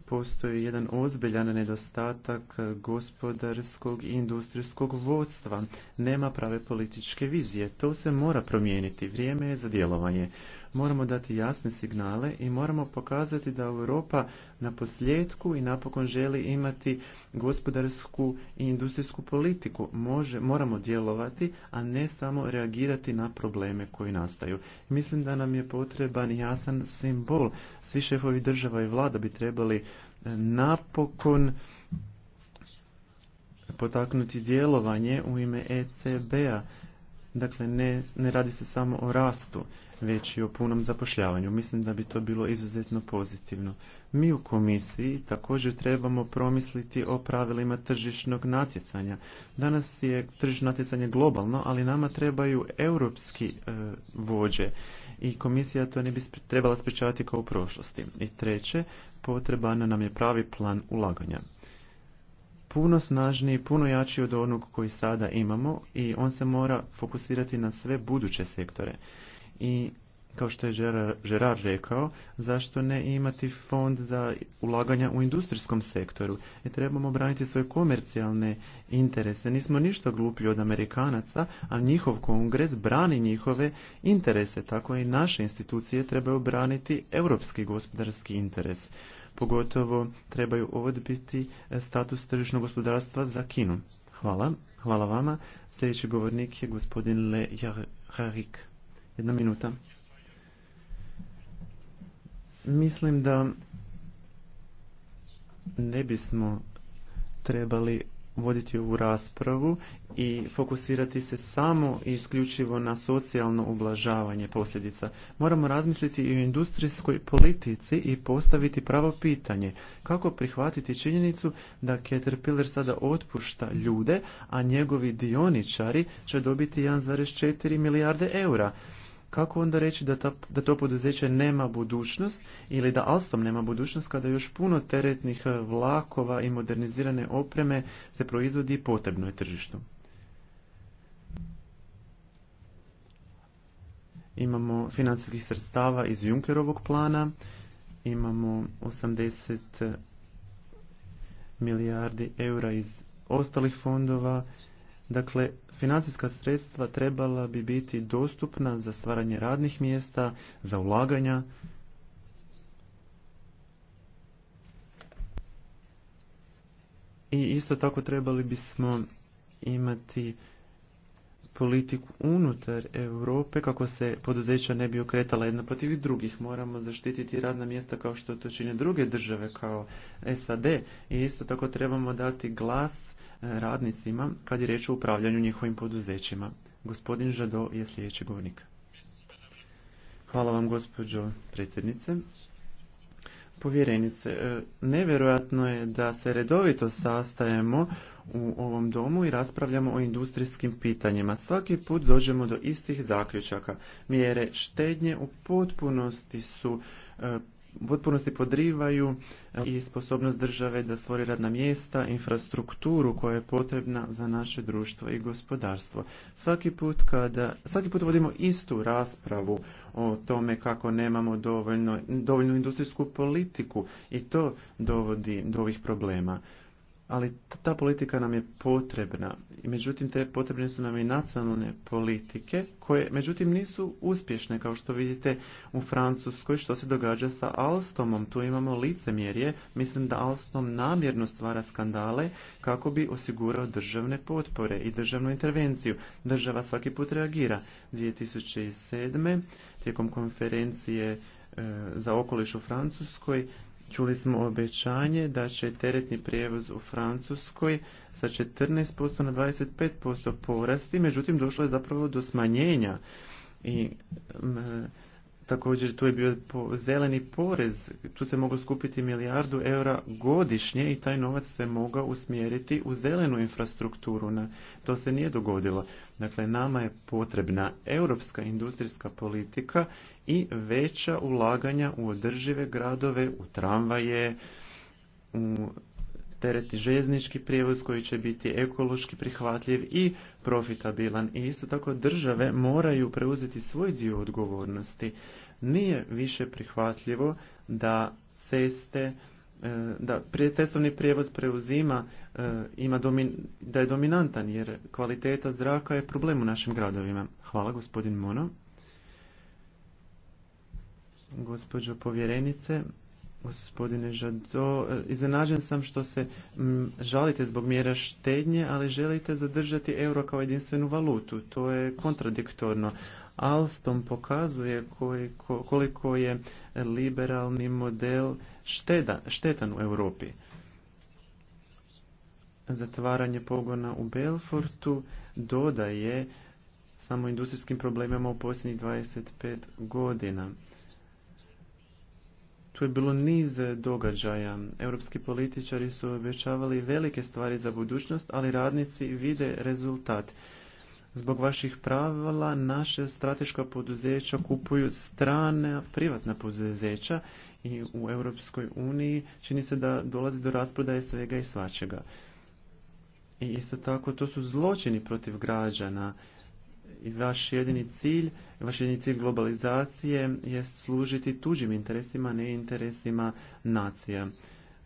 postoji jedan ozbiljan nedostatak gospodarskog i industrijskog vodstva. Nema prave političke vizije. To se mora promijeniti. Vrijeme je za djelovanje. Moramo dati jasne signale i moramo pokazati da Europa na posljedku i napokon želi imati gospodarsku i industrijsku politiku. Može, moramo djelovati, a ne samo reagirati na probleme koji nastaju. Mislim da nam je potreban jasan simbol. Svi šefovi država i vlada bi trebali e, napokon potaknuti djelovanje u ime ECB-a. Dakle, ne, ne radi se samo o rastu već i o punom zapošljavanju. Mislim da bi to bilo izuzetno pozitivno. Mi u komisiji također trebamo promisliti o pravilima tržišnog natjecanja. Danas je tržišno natjecanje globalno, ali nama trebaju europski e, vođe i komisija to ne bi trebala sprečavati kao u prošlosti. I treće, potreban nam je pravi plan ulaganja puno snažniji, puno jači od onog koji sada imamo i on se mora fokusirati na sve buduće sektore i kao što je Gerard rekao, zašto ne imati fond za ulaganja u industrijskom sektoru? I e, trebamo braniti svoje komercijalne interese. Nismo ništa gluplji od Amerikanaca, a njihov kongres brani njihove interese. Tako i naše institucije trebaju braniti europski gospodarski interes. Pogotovo trebaju odbiti status tržišnog gospodarstva za Kinu. Hvala. Hvala vama. Sljedeći govornik je gospodin Le jedna minuta. Mislim da ne bismo trebali voditi ovu raspravu i fokusirati se samo i isključivo na socijalno ublažavanje posljedica. Moramo razmisliti i o industrijskoj politici i postaviti pravo pitanje. Kako prihvatiti činjenicu da Caterpillar sada otpušta ljude, a njegovi dioničari će dobiti 1,4 milijarde eura? kako onda reći da, ta, da to poduzeće nema budućnost ili da Alstom nema budućnost kada još puno teretnih eh, vlakova i modernizirane opreme se proizvodi potrebno je tržištu? Imamo financijskih sredstava iz Junkerovog plana, imamo 80 eh, milijardi eura iz ostalih fondova, dakle Financijska sredstva trebala bi biti dostupna za stvaranje radnih mjesta, za ulaganja. I isto tako trebali bismo imati politiku unutar Europe kako se poduzeća ne bi okretala jedna protiv drugih. Moramo zaštititi radna mjesta kao što to čine druge države kao SAD i isto tako trebamo dati glas radnicima kad je reč o upravljanju njihovim poduzećima. Gospodin Žado je sljedeći govornik. Hvala vam gospođo predsjednice. Povjerenice, e, nevjerojatno je da se redovito sastajemo u ovom domu i raspravljamo o industrijskim pitanjima. Svaki put dođemo do istih zaključaka. Mjere štednje u potpunosti su e, potpunosti podrivaju e, i sposobnost države da stvori radna mjesta, infrastrukturu koja je potrebna za naše društvo i gospodarstvo. Svaki put, kada, svaki put vodimo istu raspravu o tome kako nemamo dovoljno, dovoljnu industrijsku politiku i to dovodi do ovih problema ali ta politika nam je potrebna. I međutim, te potrebne su nam i nacionalne politike, koje međutim nisu uspješne, kao što vidite u Francuskoj, što se događa sa Alstomom. Tu imamo licemjerje. Mislim da Alstom namjerno stvara skandale kako bi osigurao državne potpore i državnu intervenciju. Država svaki put reagira. 2007. tijekom konferencije e, za okoliš u Francuskoj Čuli smo obećanje da će teretni prijevoz u Francuskoj sa 14% na 25% porasti, međutim došlo je zapravo do smanjenja i Također tu je bio zeleni porez, tu se mogu skupiti milijardu eura godišnje i taj novac se mogao usmjeriti u zelenu infrastrukturu. To se nije dogodilo. Dakle, nama je potrebna europska industrijska politika i veća ulaganja u održive gradove, u tramvaje, u tereti željeznički prijevoz koji će biti ekološki prihvatljiv i profitabilan. I isto tako države moraju preuzeti svoj dio odgovornosti. Nije više prihvatljivo da ceste e, da cestovni prijevoz preuzima e, ima da je dominantan jer kvaliteta zraka je problem u našim gradovima. Hvala gospodin Mono. Gospođo povjerenice, Gospodine Žado, e, iznenađen sam što se žalite zbog mjera štednje, ali želite zadržati euro kao jedinstvenu valutu. To je kontradiktorno. Alstom pokazuje koliko, je liberalni model šteda, štetan u Europi. Zatvaranje pogona u Belfortu dodaje samo industrijskim problemima u posljednjih 25 godina. Tu je bilo niz događaja. Europski političari su obećavali velike stvari za budućnost, ali radnici vide rezultat. Zbog vaših pravila naše strateška poduzeća kupuju strane privatna poduzeća i u Europskoj uniji čini se da dolazi do rasprodaje svega i svačega. I isto tako to su zločini protiv građana i vaš jedini cilj, vaš jedini cilj globalizacije jest služiti tuđim interesima, ne interesima nacija.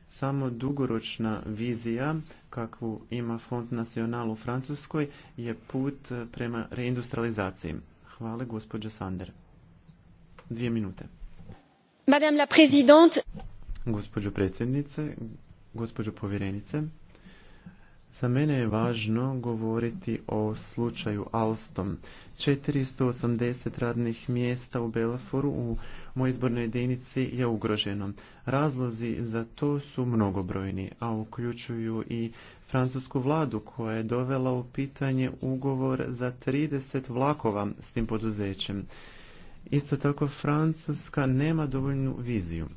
Samo dugoročna vizija kakvu ima Fond Nacional u Francuskoj je put prema reindustrializaciji. Hvala gospođo Sander. Dvije minute. Madame la Gospođo predsjednice, gospođo povjerenice, za mene je važno govoriti o slučaju Alstom. 480 radnih mjesta u Belforu u mojoj izbornoj jedinici je ugroženo. Razlozi za to su mnogobrojni, a uključuju i francusku vladu koja je dovela u pitanje ugovor za 30 vlakova s tim poduzećem. Isto tako Francuska nema dovoljnu viziju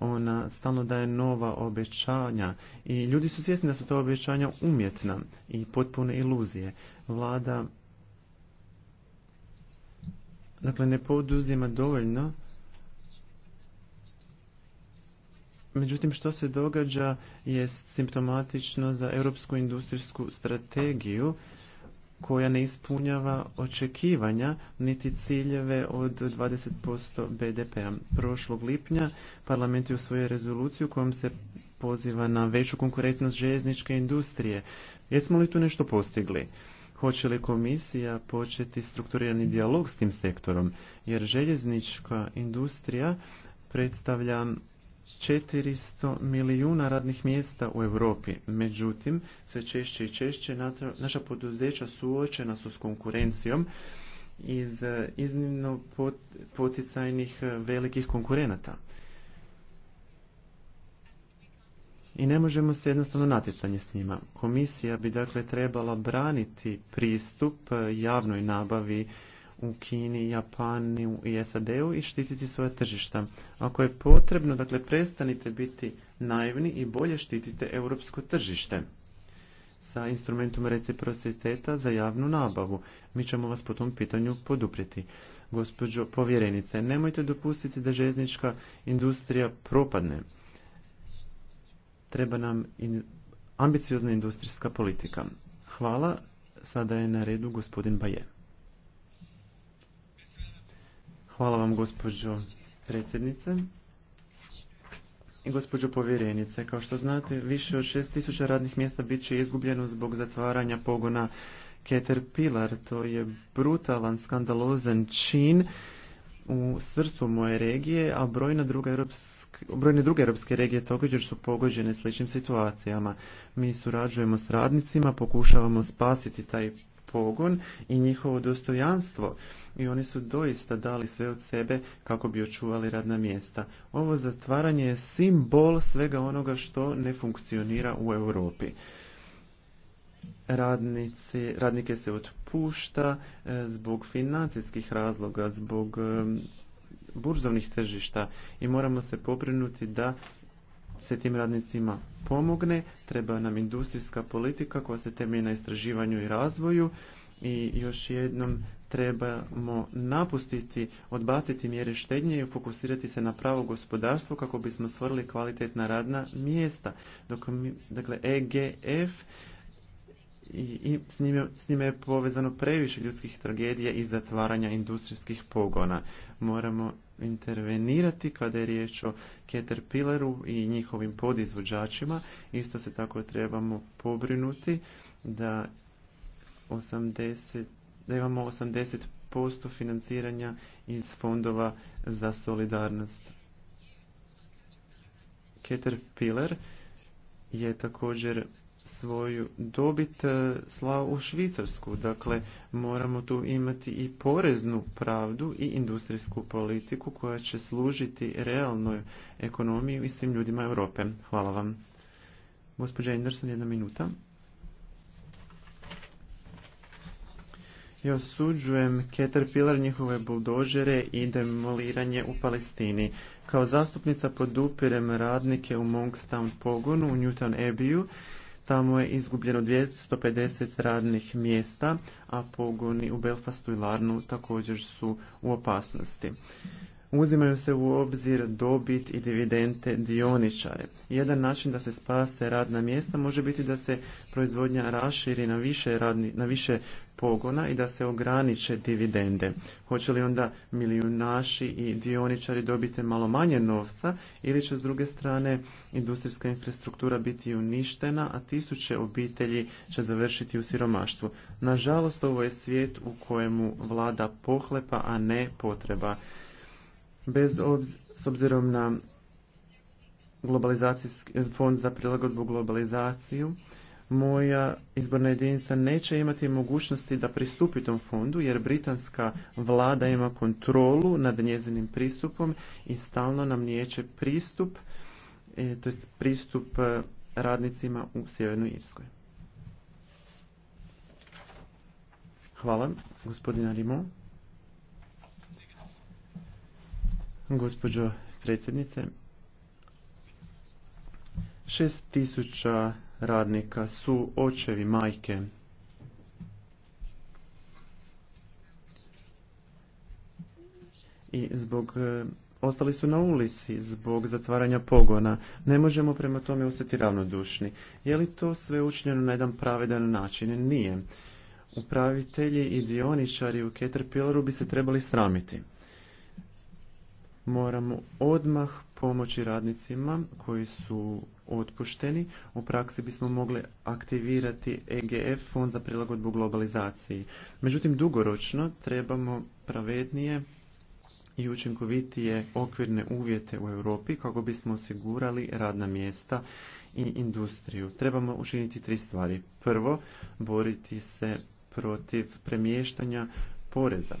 ona stalno daje nova obećanja i ljudi su svjesni da su to obećanja umjetna i potpune iluzije. Vlada dakle ne poduzima dovoljno Međutim, što se događa je simptomatično za europsku industrijsku strategiju koja ne ispunjava očekivanja niti ciljeve od 20% BDP-a. Prošlog lipnja parlament je usvojio rezoluciju kojom se poziva na veću konkurentnost željezničke industrije. Jesmo li tu nešto postigli? Hoće li komisija početi strukturirani dijalog s tim sektorom? Jer željeznička industrija predstavlja 400 milijuna radnih mjesta u Europi. Međutim, sve češće i češće naša poduzeća suočena su s konkurencijom iz e, iznimno poticajnih e, velikih konkurenata. I ne možemo se jednostavno natjecanje s njima. Komisija bi dakle trebala braniti pristup e, javnoj nabavi u Kini, Japanu i SAD-u i štititi svoje tržišta. Ako je potrebno, dakle, prestanite biti naivni i bolje štitite europsko tržište sa instrumentom reciprociteta za javnu nabavu. Mi ćemo vas po tom pitanju poduprijeti. Gospođo povjerenice, nemojte dopustiti da željeznička industrija propadne. Treba nam ambiciozna industrijska politika. Hvala. Sada je na redu gospodin Baje. Hvala vam gospođo predsjednice i gospođo povjerenice. Kao što znate, više od tisuća radnih mjesta bit će izgubljeno zbog zatvaranja pogona Caterpillar. To je brutalan, skandalozan čin u srcu moje regije, a brojna druga brojne druge europske regije također su pogođene sličnim situacijama. Mi surađujemo s radnicima, pokušavamo spasiti taj pogon i njihovo dostojanstvo i oni su doista dali sve od sebe kako bi očuvali radna mjesta. Ovo zatvaranje je simbol svega onoga što ne funkcionira u Europi. Radnici, radnike se otpušta e, zbog financijskih razloga, zbog e, burzovnih tržišta i moramo se pobrinuti da se tim radnicima pomogne, treba nam industrijska politika koja se temelji na istraživanju i razvoju i još jednom trebamo napustiti, odbaciti mjere štednje i fokusirati se na pravo gospodarstvo kako bismo stvorili kvalitetna radna mjesta. Dok, dakle, EGF i, s, njime, s njime je povezano previše ljudskih tragedija i zatvaranja industrijskih pogona. Moramo intervenirati kada je riječ o Caterpillaru i njihovim podizvođačima. Isto se tako trebamo pobrinuti da, 80, da imamo 80% financiranja iz fondova za solidarnost. Caterpillar je također svoju dobit e, slao u Švicarsku. Dakle, moramo tu imati i poreznu pravdu i industrijsku politiku koja će služiti realnoj ekonomiji i svim ljudima Europe. Hvala vam. Gospođa Anderson, jedna minuta. Ja osuđujem Caterpillar, njihove buldožere i demoliranje u Palestini. Kao zastupnica podupirem radnike u Monkstown pogonu u Newton Ebiu. Tamo je izgubljeno 250 radnih mjesta, a pogoni u Belfastu i Larnu također su u opasnosti uzimaju se u obzir dobit i dividende dioničare. Jedan način da se spase radna mjesta može biti da se proizvodnja raširi na više, radni, na više pogona i da se ograniče dividende. Hoće li onda milijunaši i dioničari dobiti malo manje novca ili će s druge strane industrijska infrastruktura biti uništena, a tisuće obitelji će završiti u siromaštvu. Nažalost, ovo je svijet u kojemu vlada pohlepa, a ne potreba. Bez obz s obzirom na globalizacijski fond za prilagodbu globalizaciju, moja izborna jedinica neće imati mogućnosti da pristupi tom fondu jer britanska vlada ima kontrolu nad njezinim pristupom i stalno nam nijeće pristup, e, to jest pristup e, radnicima u Sjevernoj Irskoj. Hvala, gospodina Rimo. Gospođo predsjednice, tisuća radnika su očevi majke. I zbog e, ostali su na ulici zbog zatvaranja pogona. Ne možemo prema tome ostati ravnodušni. Je li to sve učinjeno na jedan pravedan način? Nije. Upravitelji i dioničari u Caterpillaru bi se trebali sramiti moramo odmah pomoći radnicima koji su otpušteni. U praksi bismo mogli aktivirati EGF, fond za prilagodbu globalizaciji. Međutim, dugoročno trebamo pravednije i učinkovitije okvirne uvjete u Europi kako bismo osigurali radna mjesta i industriju. Trebamo učiniti tri stvari. Prvo, boriti se protiv premještanja poreza.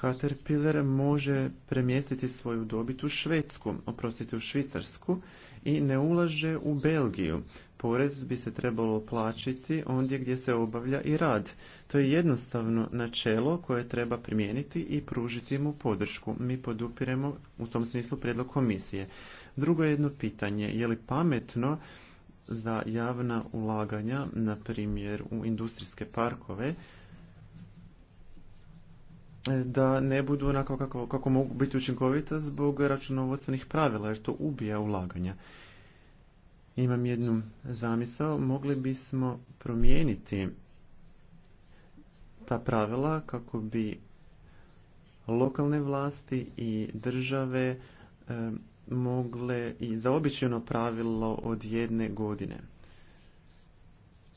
Caterpillar može premjestiti svoju dobit u Švedsku, oprostite u Švicarsku i ne ulaže u Belgiju. Porez bi se trebalo plaćiti ondje gdje se obavlja i rad. To je jednostavno načelo koje treba primijeniti i pružiti mu podršku. Mi podupiremo u tom smislu prijedlog komisije. Drugo je jedno pitanje, je li pametno za javna ulaganja, na primjer u industrijske parkove, da ne budu onako kako, kako mogu biti učinkovita zbog računovodstvenih pravila, jer to ubija ulaganja. Imam jednu zamisao, mogli bismo promijeniti ta pravila kako bi lokalne vlasti i države e, mogle i zaobičajeno pravilo od jedne godine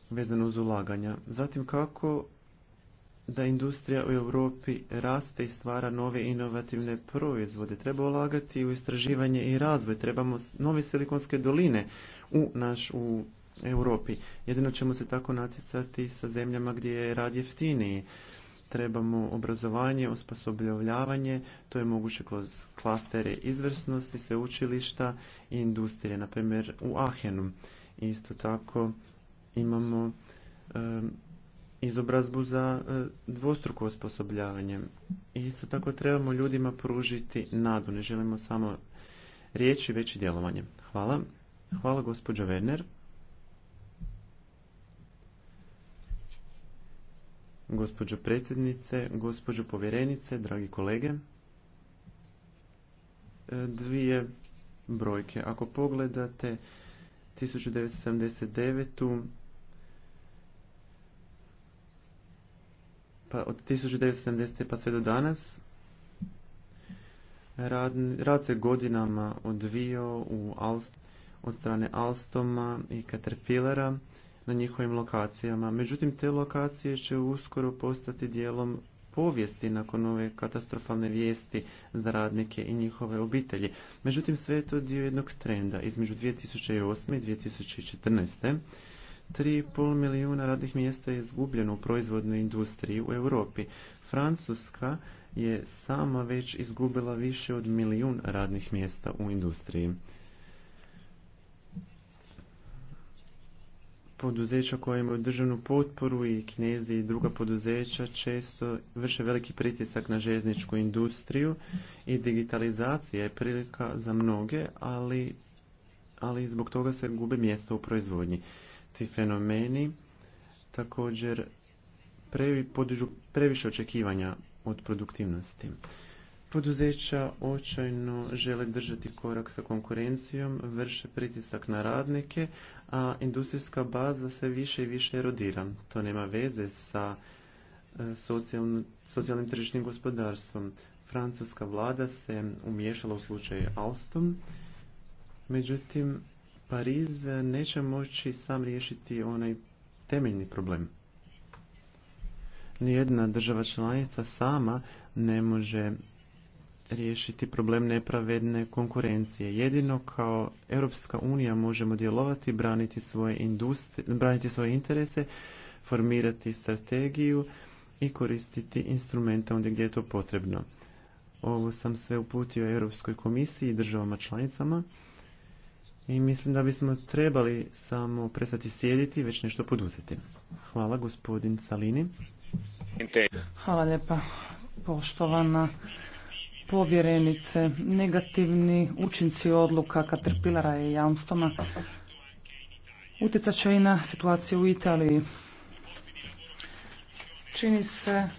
vezano uz ulaganja. Zatim kako da industrija u Europi raste i stvara nove inovativne proizvode. Treba ulagati u istraživanje i razvoj. Trebamo nove silikonske doline u naš u Europi. Jedino ćemo se tako natjecati sa zemljama gdje je rad jeftiniji. Trebamo obrazovanje, osposobljavanje, to je moguće kroz klastere izvrsnosti, sveučilišta i industrije, na primjer u Ahenu. Isto tako imamo izobrazbu za e, dvostruko osposobljavanje. Isto tako trebamo ljudima pružiti nadu. Ne želimo samo riječi, već i djelovanje. Hvala. Hvala gospođo Werner. Gospođo predsjednice, gospođo povjerenice, dragi kolege. E, dvije brojke. Ako pogledate 1979. pa od 1970. pa sve do danas. Rad, rad se godinama odvio u Alst, od strane Alstoma i Caterpillara na njihovim lokacijama. Međutim, te lokacije će uskoro postati dijelom povijesti nakon ove katastrofalne vijesti za radnike i njihove obitelji. Međutim, sve je to dio jednog trenda. Između 2008. i 2014 3,5 milijuna radnih mjesta je izgubljeno u proizvodnoj industriji u Europi. Francuska je sama već izgubila više od milijun radnih mjesta u industriji. Poduzeća koja imaju državnu potporu i Kinezi i druga poduzeća često vrše veliki pritisak na željezničku industriju i digitalizacija je prilika za mnoge, ali, ali zbog toga se gube mjesta u proizvodnji ti fenomeni također previ, podižu previše očekivanja od produktivnosti. Poduzeća očajno žele držati korak sa konkurencijom, vrše pritisak na radnike, a industrijska baza se više i više erodira. To nema veze sa e, socijalnim tržišnim gospodarstvom. Francuska vlada se umiješala u slučaju Alstom, međutim Pariz neće moći sam riješiti onaj temeljni problem. Nijedna država članica sama ne može riješiti problem nepravedne konkurencije. Jedino kao Europska unija možemo djelovati, braniti svoje, braniti svoje interese, formirati strategiju i koristiti instrumente onda gdje je to potrebno. Ovo sam sve uputio Europskoj komisiji i državama članicama i mislim da bismo trebali samo prestati sjediti već nešto poduzeti. Hvala gospodin Salini. Hvala lijepa poštovana povjerenice. Negativni učinci odluka Katerpilara i Jamstoma utjecat će i na situaciju u Italiji. Čini se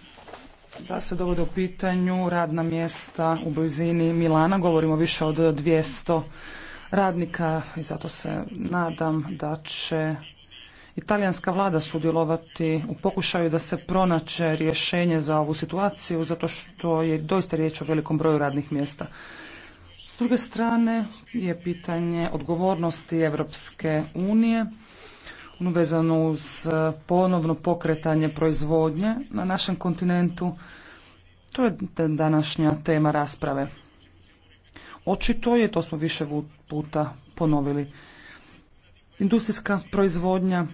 da se dovode u pitanju radna mjesta u blizini Milana. Govorimo više od 200 radnika i zato se nadam da će italijanska vlada sudjelovati u pokušaju da se pronaće rješenje za ovu situaciju zato što je doista riječ o velikom broju radnih mjesta. S druge strane je pitanje odgovornosti Europske unije vezano uz ponovno pokretanje proizvodnje na našem kontinentu. To je današnja tema rasprave. Očito je, to smo više puta ponovili. Industrijska proizvodnja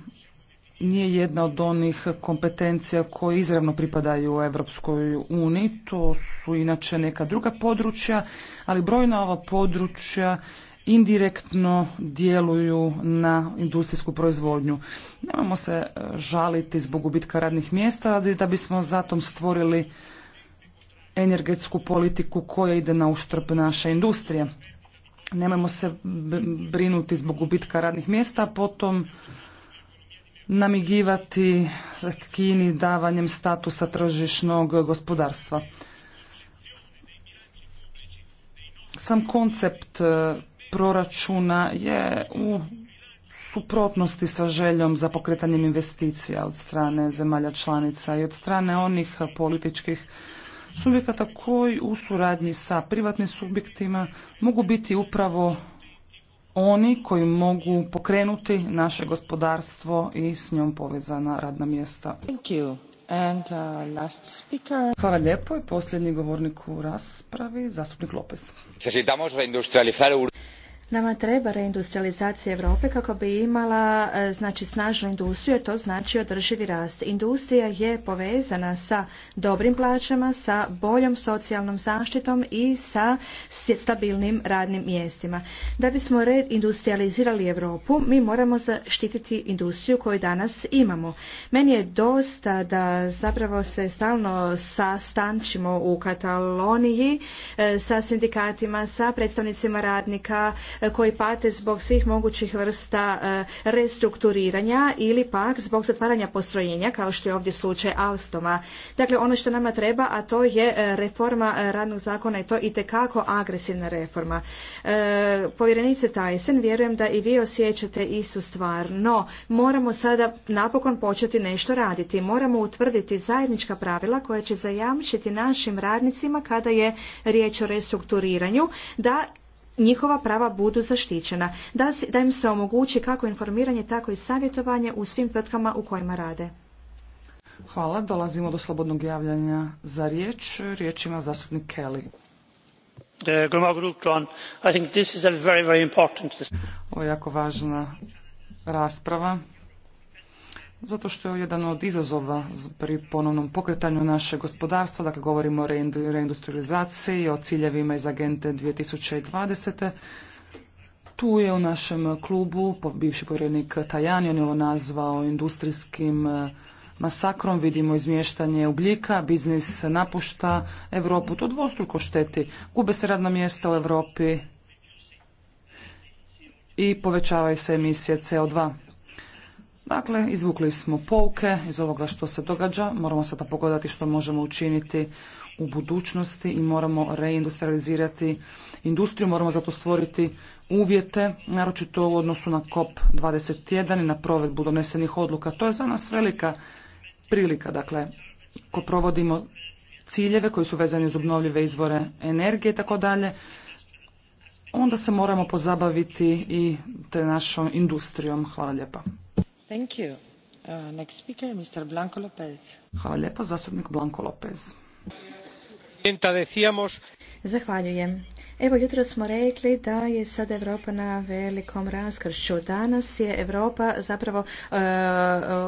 nije jedna od onih kompetencija koje izravno pripadaju Evropskoj uniji, to su inače neka druga područja, ali brojna ova područja indirektno djeluju na industrijsku proizvodnju. Nemamo se žaliti zbog gubitka radnih mjesta, ali da bismo zatom stvorili energetsku politiku koja ide na uštrb naše industrije. Nemojmo se brinuti zbog gubitka radnih mjesta, a potom namigivati Kini davanjem statusa tržišnog gospodarstva. Sam koncept e, proračuna je u suprotnosti sa željom za pokretanjem investicija od strane zemalja članica i od strane onih političkih subjekata koji u suradnji sa privatnim subjektima mogu biti upravo oni koji mogu pokrenuti naše gospodarstvo i s njom povezana radna mjesta. Thank you. And, uh, last speaker. Hvala lijepo i posljednji govornik u raspravi, zastupnik Lopez. Nama treba reindustrializacija Europe kako bi imala e, znači snažnu industriju, to znači održivi rast. Industrija je povezana sa dobrim plaćama, sa boljom socijalnom zaštitom i sa stabilnim radnim mjestima. Da bismo reindustrializirali Europu, mi moramo zaštititi industriju koju danas imamo. Meni je dosta da zapravo se stalno sastančimo u Kataloniji e, sa sindikatima, sa predstavnicima radnika, koji pate zbog svih mogućih vrsta e, restrukturiranja ili pak zbog zatvaranja postrojenja kao što je ovdje slučaj Alstoma. Dakle, ono što nama treba, a to je e, reforma e, radnog zakona i to i agresivna reforma. Povjerenice Tyson, vjerujem da i vi osjećate istu stvar, no moramo sada napokon početi nešto raditi. Moramo utvrditi zajednička pravila koja će zajamčiti našim radnicima kada je riječ o restrukturiranju da njihova prava budu zaštićena, da, da im se omogući kako informiranje, tako i savjetovanje u svim tvrtkama u kojima rade. Hvala. Dolazimo do slobodnog javljanja za riječ. Riječ ima zastupnik Kelly. Eh, Ovo je jako važna rasprava zato što je jedan od izazova pri ponovnom pokretanju naše gospodarstva, dakle govorimo o reindustrializaciji, o ciljevima iz agente 2020. Tu je u našem klubu bivši povjerenik Tajani, on je ovo nazvao industrijskim e, masakrom, vidimo izmještanje ugljika, biznis napušta Europu, to dvostruko šteti. Gube se radna mjesta u Europi i povećavaju se emisije CO2. Dakle, izvukli smo pouke iz ovoga što se događa, moramo sada pogledati što možemo učiniti u budućnosti i moramo reindustrializirati industriju, moramo zato stvoriti uvjete, naročito u odnosu na COP21 i na provedbu donesenih odluka. To je za nas velika prilika, dakle, ko provodimo ciljeve koji su vezani uz obnovljive izvore energije i tako dalje, onda se moramo pozabaviti i te našom industrijom. Hvala lijepa. Thank you. Uh, next speaker, Mr. Blanco Lopez. Hvala lijepo, zastupnik Blanco Lopez. Zahvaljujem Evo, jutro smo rekli da je sad Europa na velikom raskršću. Danas je Europa zapravo e,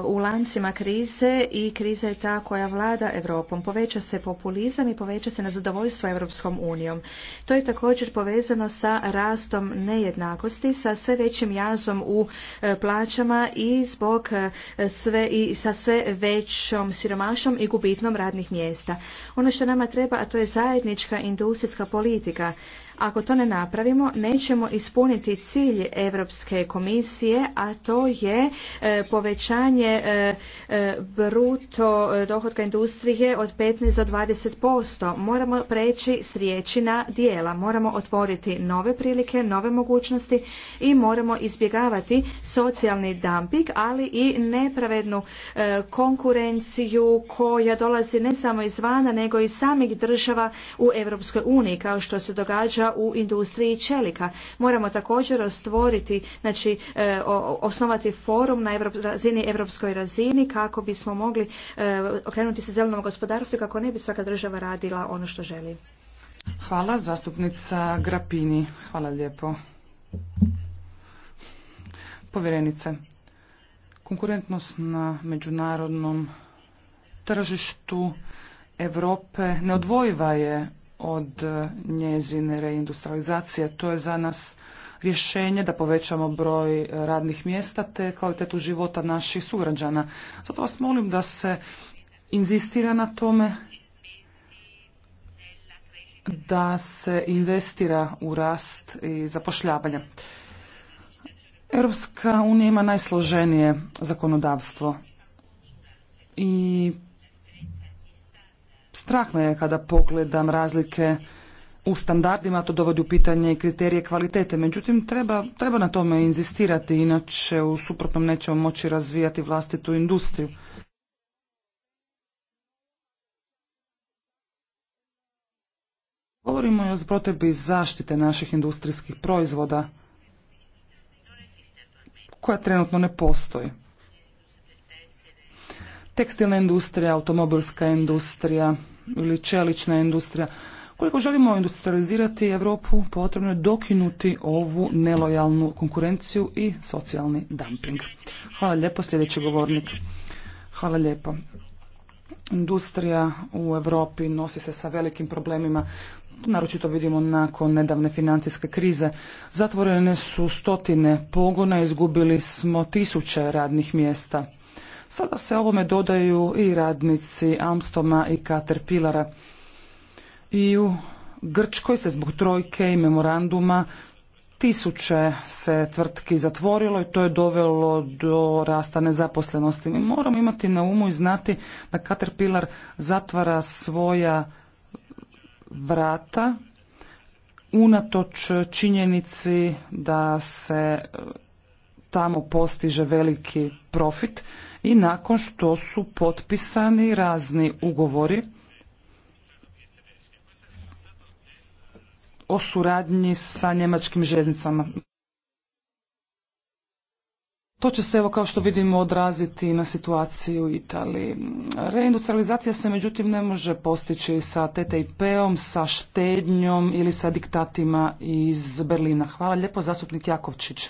u lancima krize i kriza je ta koja vlada Evropom. Poveća se populizam i poveća se nezadovoljstvo Evropskom unijom. To je također povezano sa rastom nejednakosti, sa sve većim jazom u e, plaćama i zbog e, sve i sa sve većom siromašom i gubitnom radnih mjesta. Ono što nama treba, a to je zajednička industrijska politika ako to ne napravimo, nećemo ispuniti cilj Europske komisije, a to je e, povećanje e, e, bruto dohodka industrije od 15 do 20%. Moramo preći s riječi na dijela. Moramo otvoriti nove prilike, nove mogućnosti i moramo izbjegavati socijalni dumping, ali i nepravednu konkurenciju koja dolazi ne samo izvana, nego i samih država u Europskoj uniji, kao što se događa u industriji čelika. Moramo također ostvoriti, znači e, osnovati forum na razini europskoj razini kako bismo mogli e, okrenuti se zelenom gospodarstvu kako ne bi svaka država radila ono što želi. Hvala zastupnica Grapini. Hvala lijepo. Povjerenice, konkurentnost na međunarodnom tržištu Europe neodvojiva je od njezine reindustrializacije. To je za nas rješenje da povećamo broj radnih mjesta te kvalitetu života naših sugrađana. Zato vas molim da se inzistira na tome da se investira u rast i zapošljavanje. Europska unija ima najsloženije zakonodavstvo i Strah me je kada pogledam razlike u standardima, to dovodi u pitanje i kriterije kvalitete. Međutim, treba, treba na tome inzistirati, inače u suprotnom nećemo moći razvijati vlastitu industriju. Govorimo i o zbrotebi zaštite naših industrijskih proizvoda koja trenutno ne postoji. Tekstilna industrija, automobilska industrija, ili čelična industrija. Koliko želimo industrializirati Europu, potrebno je dokinuti ovu nelojalnu konkurenciju i socijalni dumping. Hvala lijepo, sljedeći govornik. Hvala lijepo. Industrija u Europi nosi se sa velikim problemima naročito vidimo nakon nedavne financijske krize. Zatvorene su stotine pogona, izgubili smo tisuće radnih mjesta. Sada se ovome dodaju i radnici Amstoma i Caterpillara. I u Grčkoj se zbog trojke i memoranduma tisuće se tvrtki zatvorilo i to je dovelo do rasta nezaposlenosti. Mi moramo imati na umu i znati da Caterpillar zatvara svoja vrata unatoč činjenici da se tamo postiže veliki profit i nakon što su potpisani razni ugovori o suradnji sa njemačkim željeznicama. To će se, evo kao što vidimo, odraziti na situaciju u Italiji. Reindustrializacija se međutim ne može postići sa TTIP-om, sa štednjom ili sa diktatima iz Berlina. Hvala lijepo, zastupnik Jakovčić.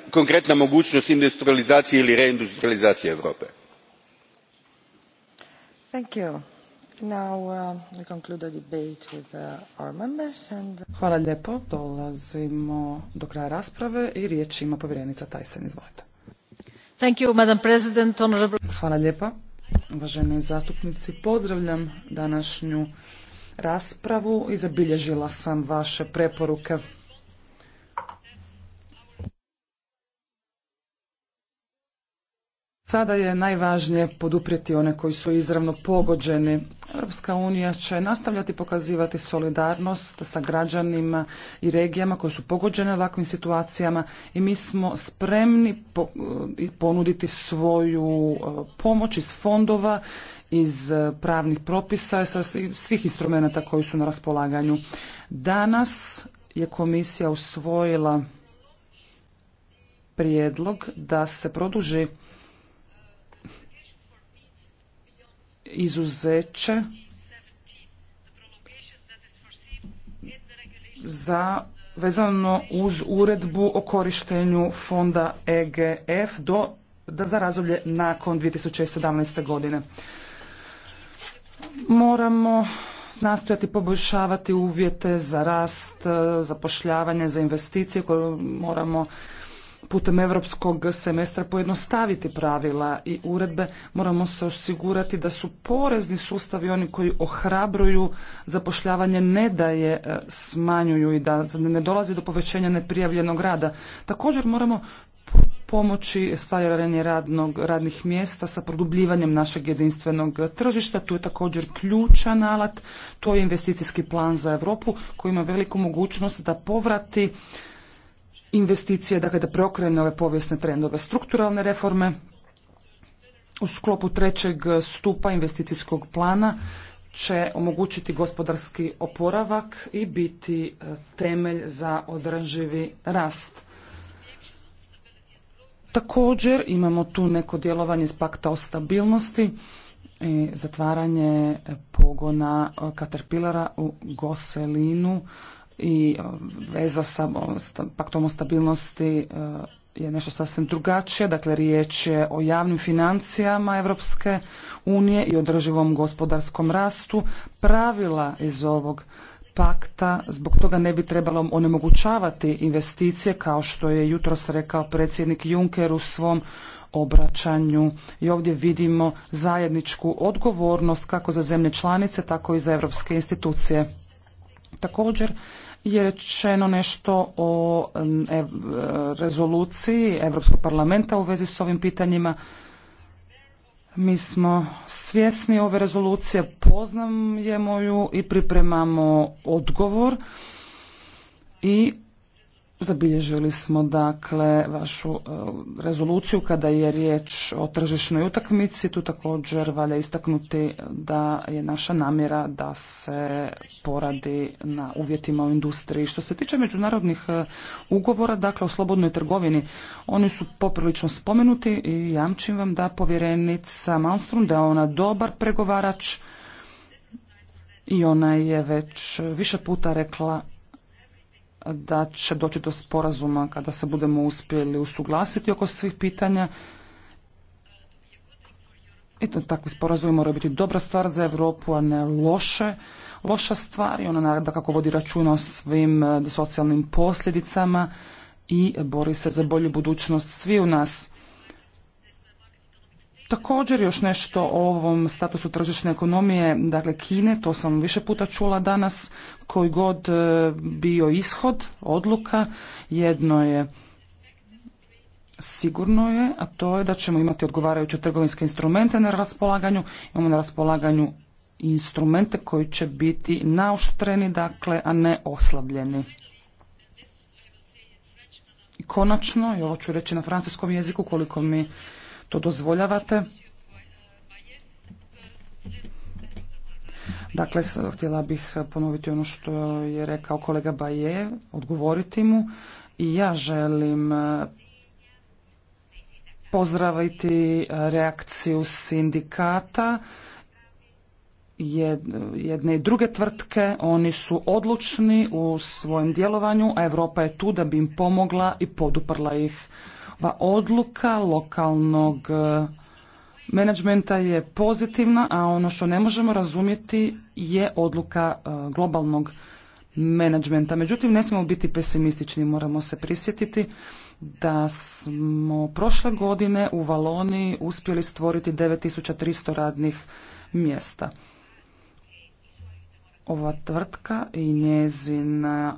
konkretna mogućnost industrijalizacije ili reindustrijalizacije europe? Hvala lijepo. Dolazimo do kraja rasprave i riječ ima povjerenica Tyson. Izvolite. Hvala lijepo. Uvaženi zastupnici, pozdravljam današnju raspravu i zabilježila sam vaše preporuke. Sada je najvažnije poduprijeti one koji su izravno pogođeni. Europska unija će nastavljati pokazivati solidarnost sa građanima i regijama koje su pogođene ovakvim situacijama i mi smo spremni ponuditi svoju e, pomoć iz fondova, iz e, pravnih propisa, sa svih instrumenta koji su na raspolaganju. Danas je komisija usvojila prijedlog da se produži izuzeće za vezano uz uredbu o korištenju fonda EGF do, da za razdoblje nakon 2017. godine. Moramo nastojati poboljšavati uvjete za rast, zapošljavanje, za investicije koje moramo putem europskog semestra pojednostaviti pravila i uredbe, moramo se osigurati da su porezni sustavi oni koji ohrabruju zapošljavanje, ne da je e, smanjuju i da ne dolazi do povećanja neprijavljenog rada. Također moramo pomoći stvaranje radnog, radnih mjesta sa produbljivanjem našeg jedinstvenog tržišta. Tu je također ključan alat, to je investicijski plan za Europu koji ima veliku mogućnost da povrati investicije, dakle da preokrene ove povijesne trendove strukturalne reforme. U sklopu trećeg stupa investicijskog plana će omogućiti gospodarski oporavak i biti e, temelj za održivi rast. Također imamo tu neko djelovanje iz pakta o stabilnosti i zatvaranje pogona e, Caterpillara u Goselinu i e, veza sa paktom o stabilnosti e, je nešto sasvim drugačije. Dakle, riječ je o javnim financijama Europske unije i održivom gospodarskom rastu. Pravila iz ovog pakta zbog toga ne bi trebalo onemogućavati investicije kao što je jutros rekao predsjednik Juncker u svom obraćanju i ovdje vidimo zajedničku odgovornost kako za zemlje članice tako i za europske institucije. Također je rečeno nešto o e, rezoluciji Europskog parlamenta u vezi s ovim pitanjima. Mi smo svjesni ove rezolucije, poznajemo ju i pripremamo odgovor i Zabilježili smo dakle vašu e, rezoluciju kada je riječ o tržišnoj utakmici. Tu također valja istaknuti da je naša namjera da se poradi na uvjetima u industriji. Što se tiče međunarodnih e, ugovora, dakle o slobodnoj trgovini, oni su poprilično spomenuti i jamčim vam da povjerenica Malmström da je ona dobar pregovarač i ona je već više puta rekla da će doći do sporazuma kada se budemo uspjeli usuglasiti oko svih pitanja. I to takvi sporazumi moraju biti dobra stvar za Europu, a ne loše, loša stvar i ona naravno kako vodi računa o svim e, socijalnim posljedicama i bori se za bolju budućnost svi u nas. Također još nešto o ovom statusu tržišne ekonomije, dakle Kine, to sam više puta čula danas, koji god e, bio ishod, odluka, jedno je sigurno je, a to je da ćemo imati odgovarajuće trgovinske instrumente na raspolaganju, imamo na raspolaganju instrumente koji će biti naoštreni, dakle, a ne oslabljeni. I konačno, i ovo ću reći na francuskom jeziku koliko mi to dozvoljavate. Dakle, htjela bih ponoviti ono što je rekao kolega Bajev, odgovoriti mu. I ja želim e, pozdraviti reakciju sindikata jedne i druge tvrtke. Oni su odlučni u svojem djelovanju, a Europa je tu da bi im pomogla i poduprla ih. Pa odluka lokalnog e, menadžmenta je pozitivna, a ono što ne možemo razumjeti je odluka e, globalnog menadžmenta. Međutim, ne smijemo biti pesimistični, moramo se prisjetiti da smo prošle godine u Valoniji uspjeli stvoriti 9300 radnih mjesta. Ova tvrtka i njezina,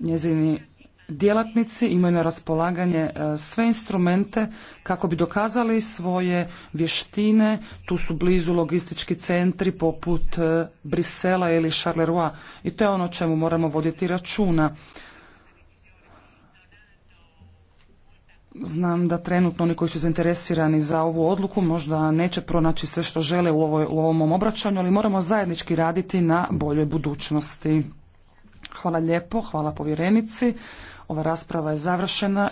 njezini djelatnici imaju na raspolaganje e, sve instrumente kako bi dokazali svoje vještine. Tu su blizu logistički centri poput e, Brisela ili Charleroi i to je ono čemu moramo voditi računa. Znam da trenutno oni koji su zainteresirani za ovu odluku možda neće pronaći sve što žele u, ovoj, u ovom obraćanju, ali moramo zajednički raditi na boljoj budućnosti. Hvala lijepo, hvala povjerenici. Ova rasprava je završena.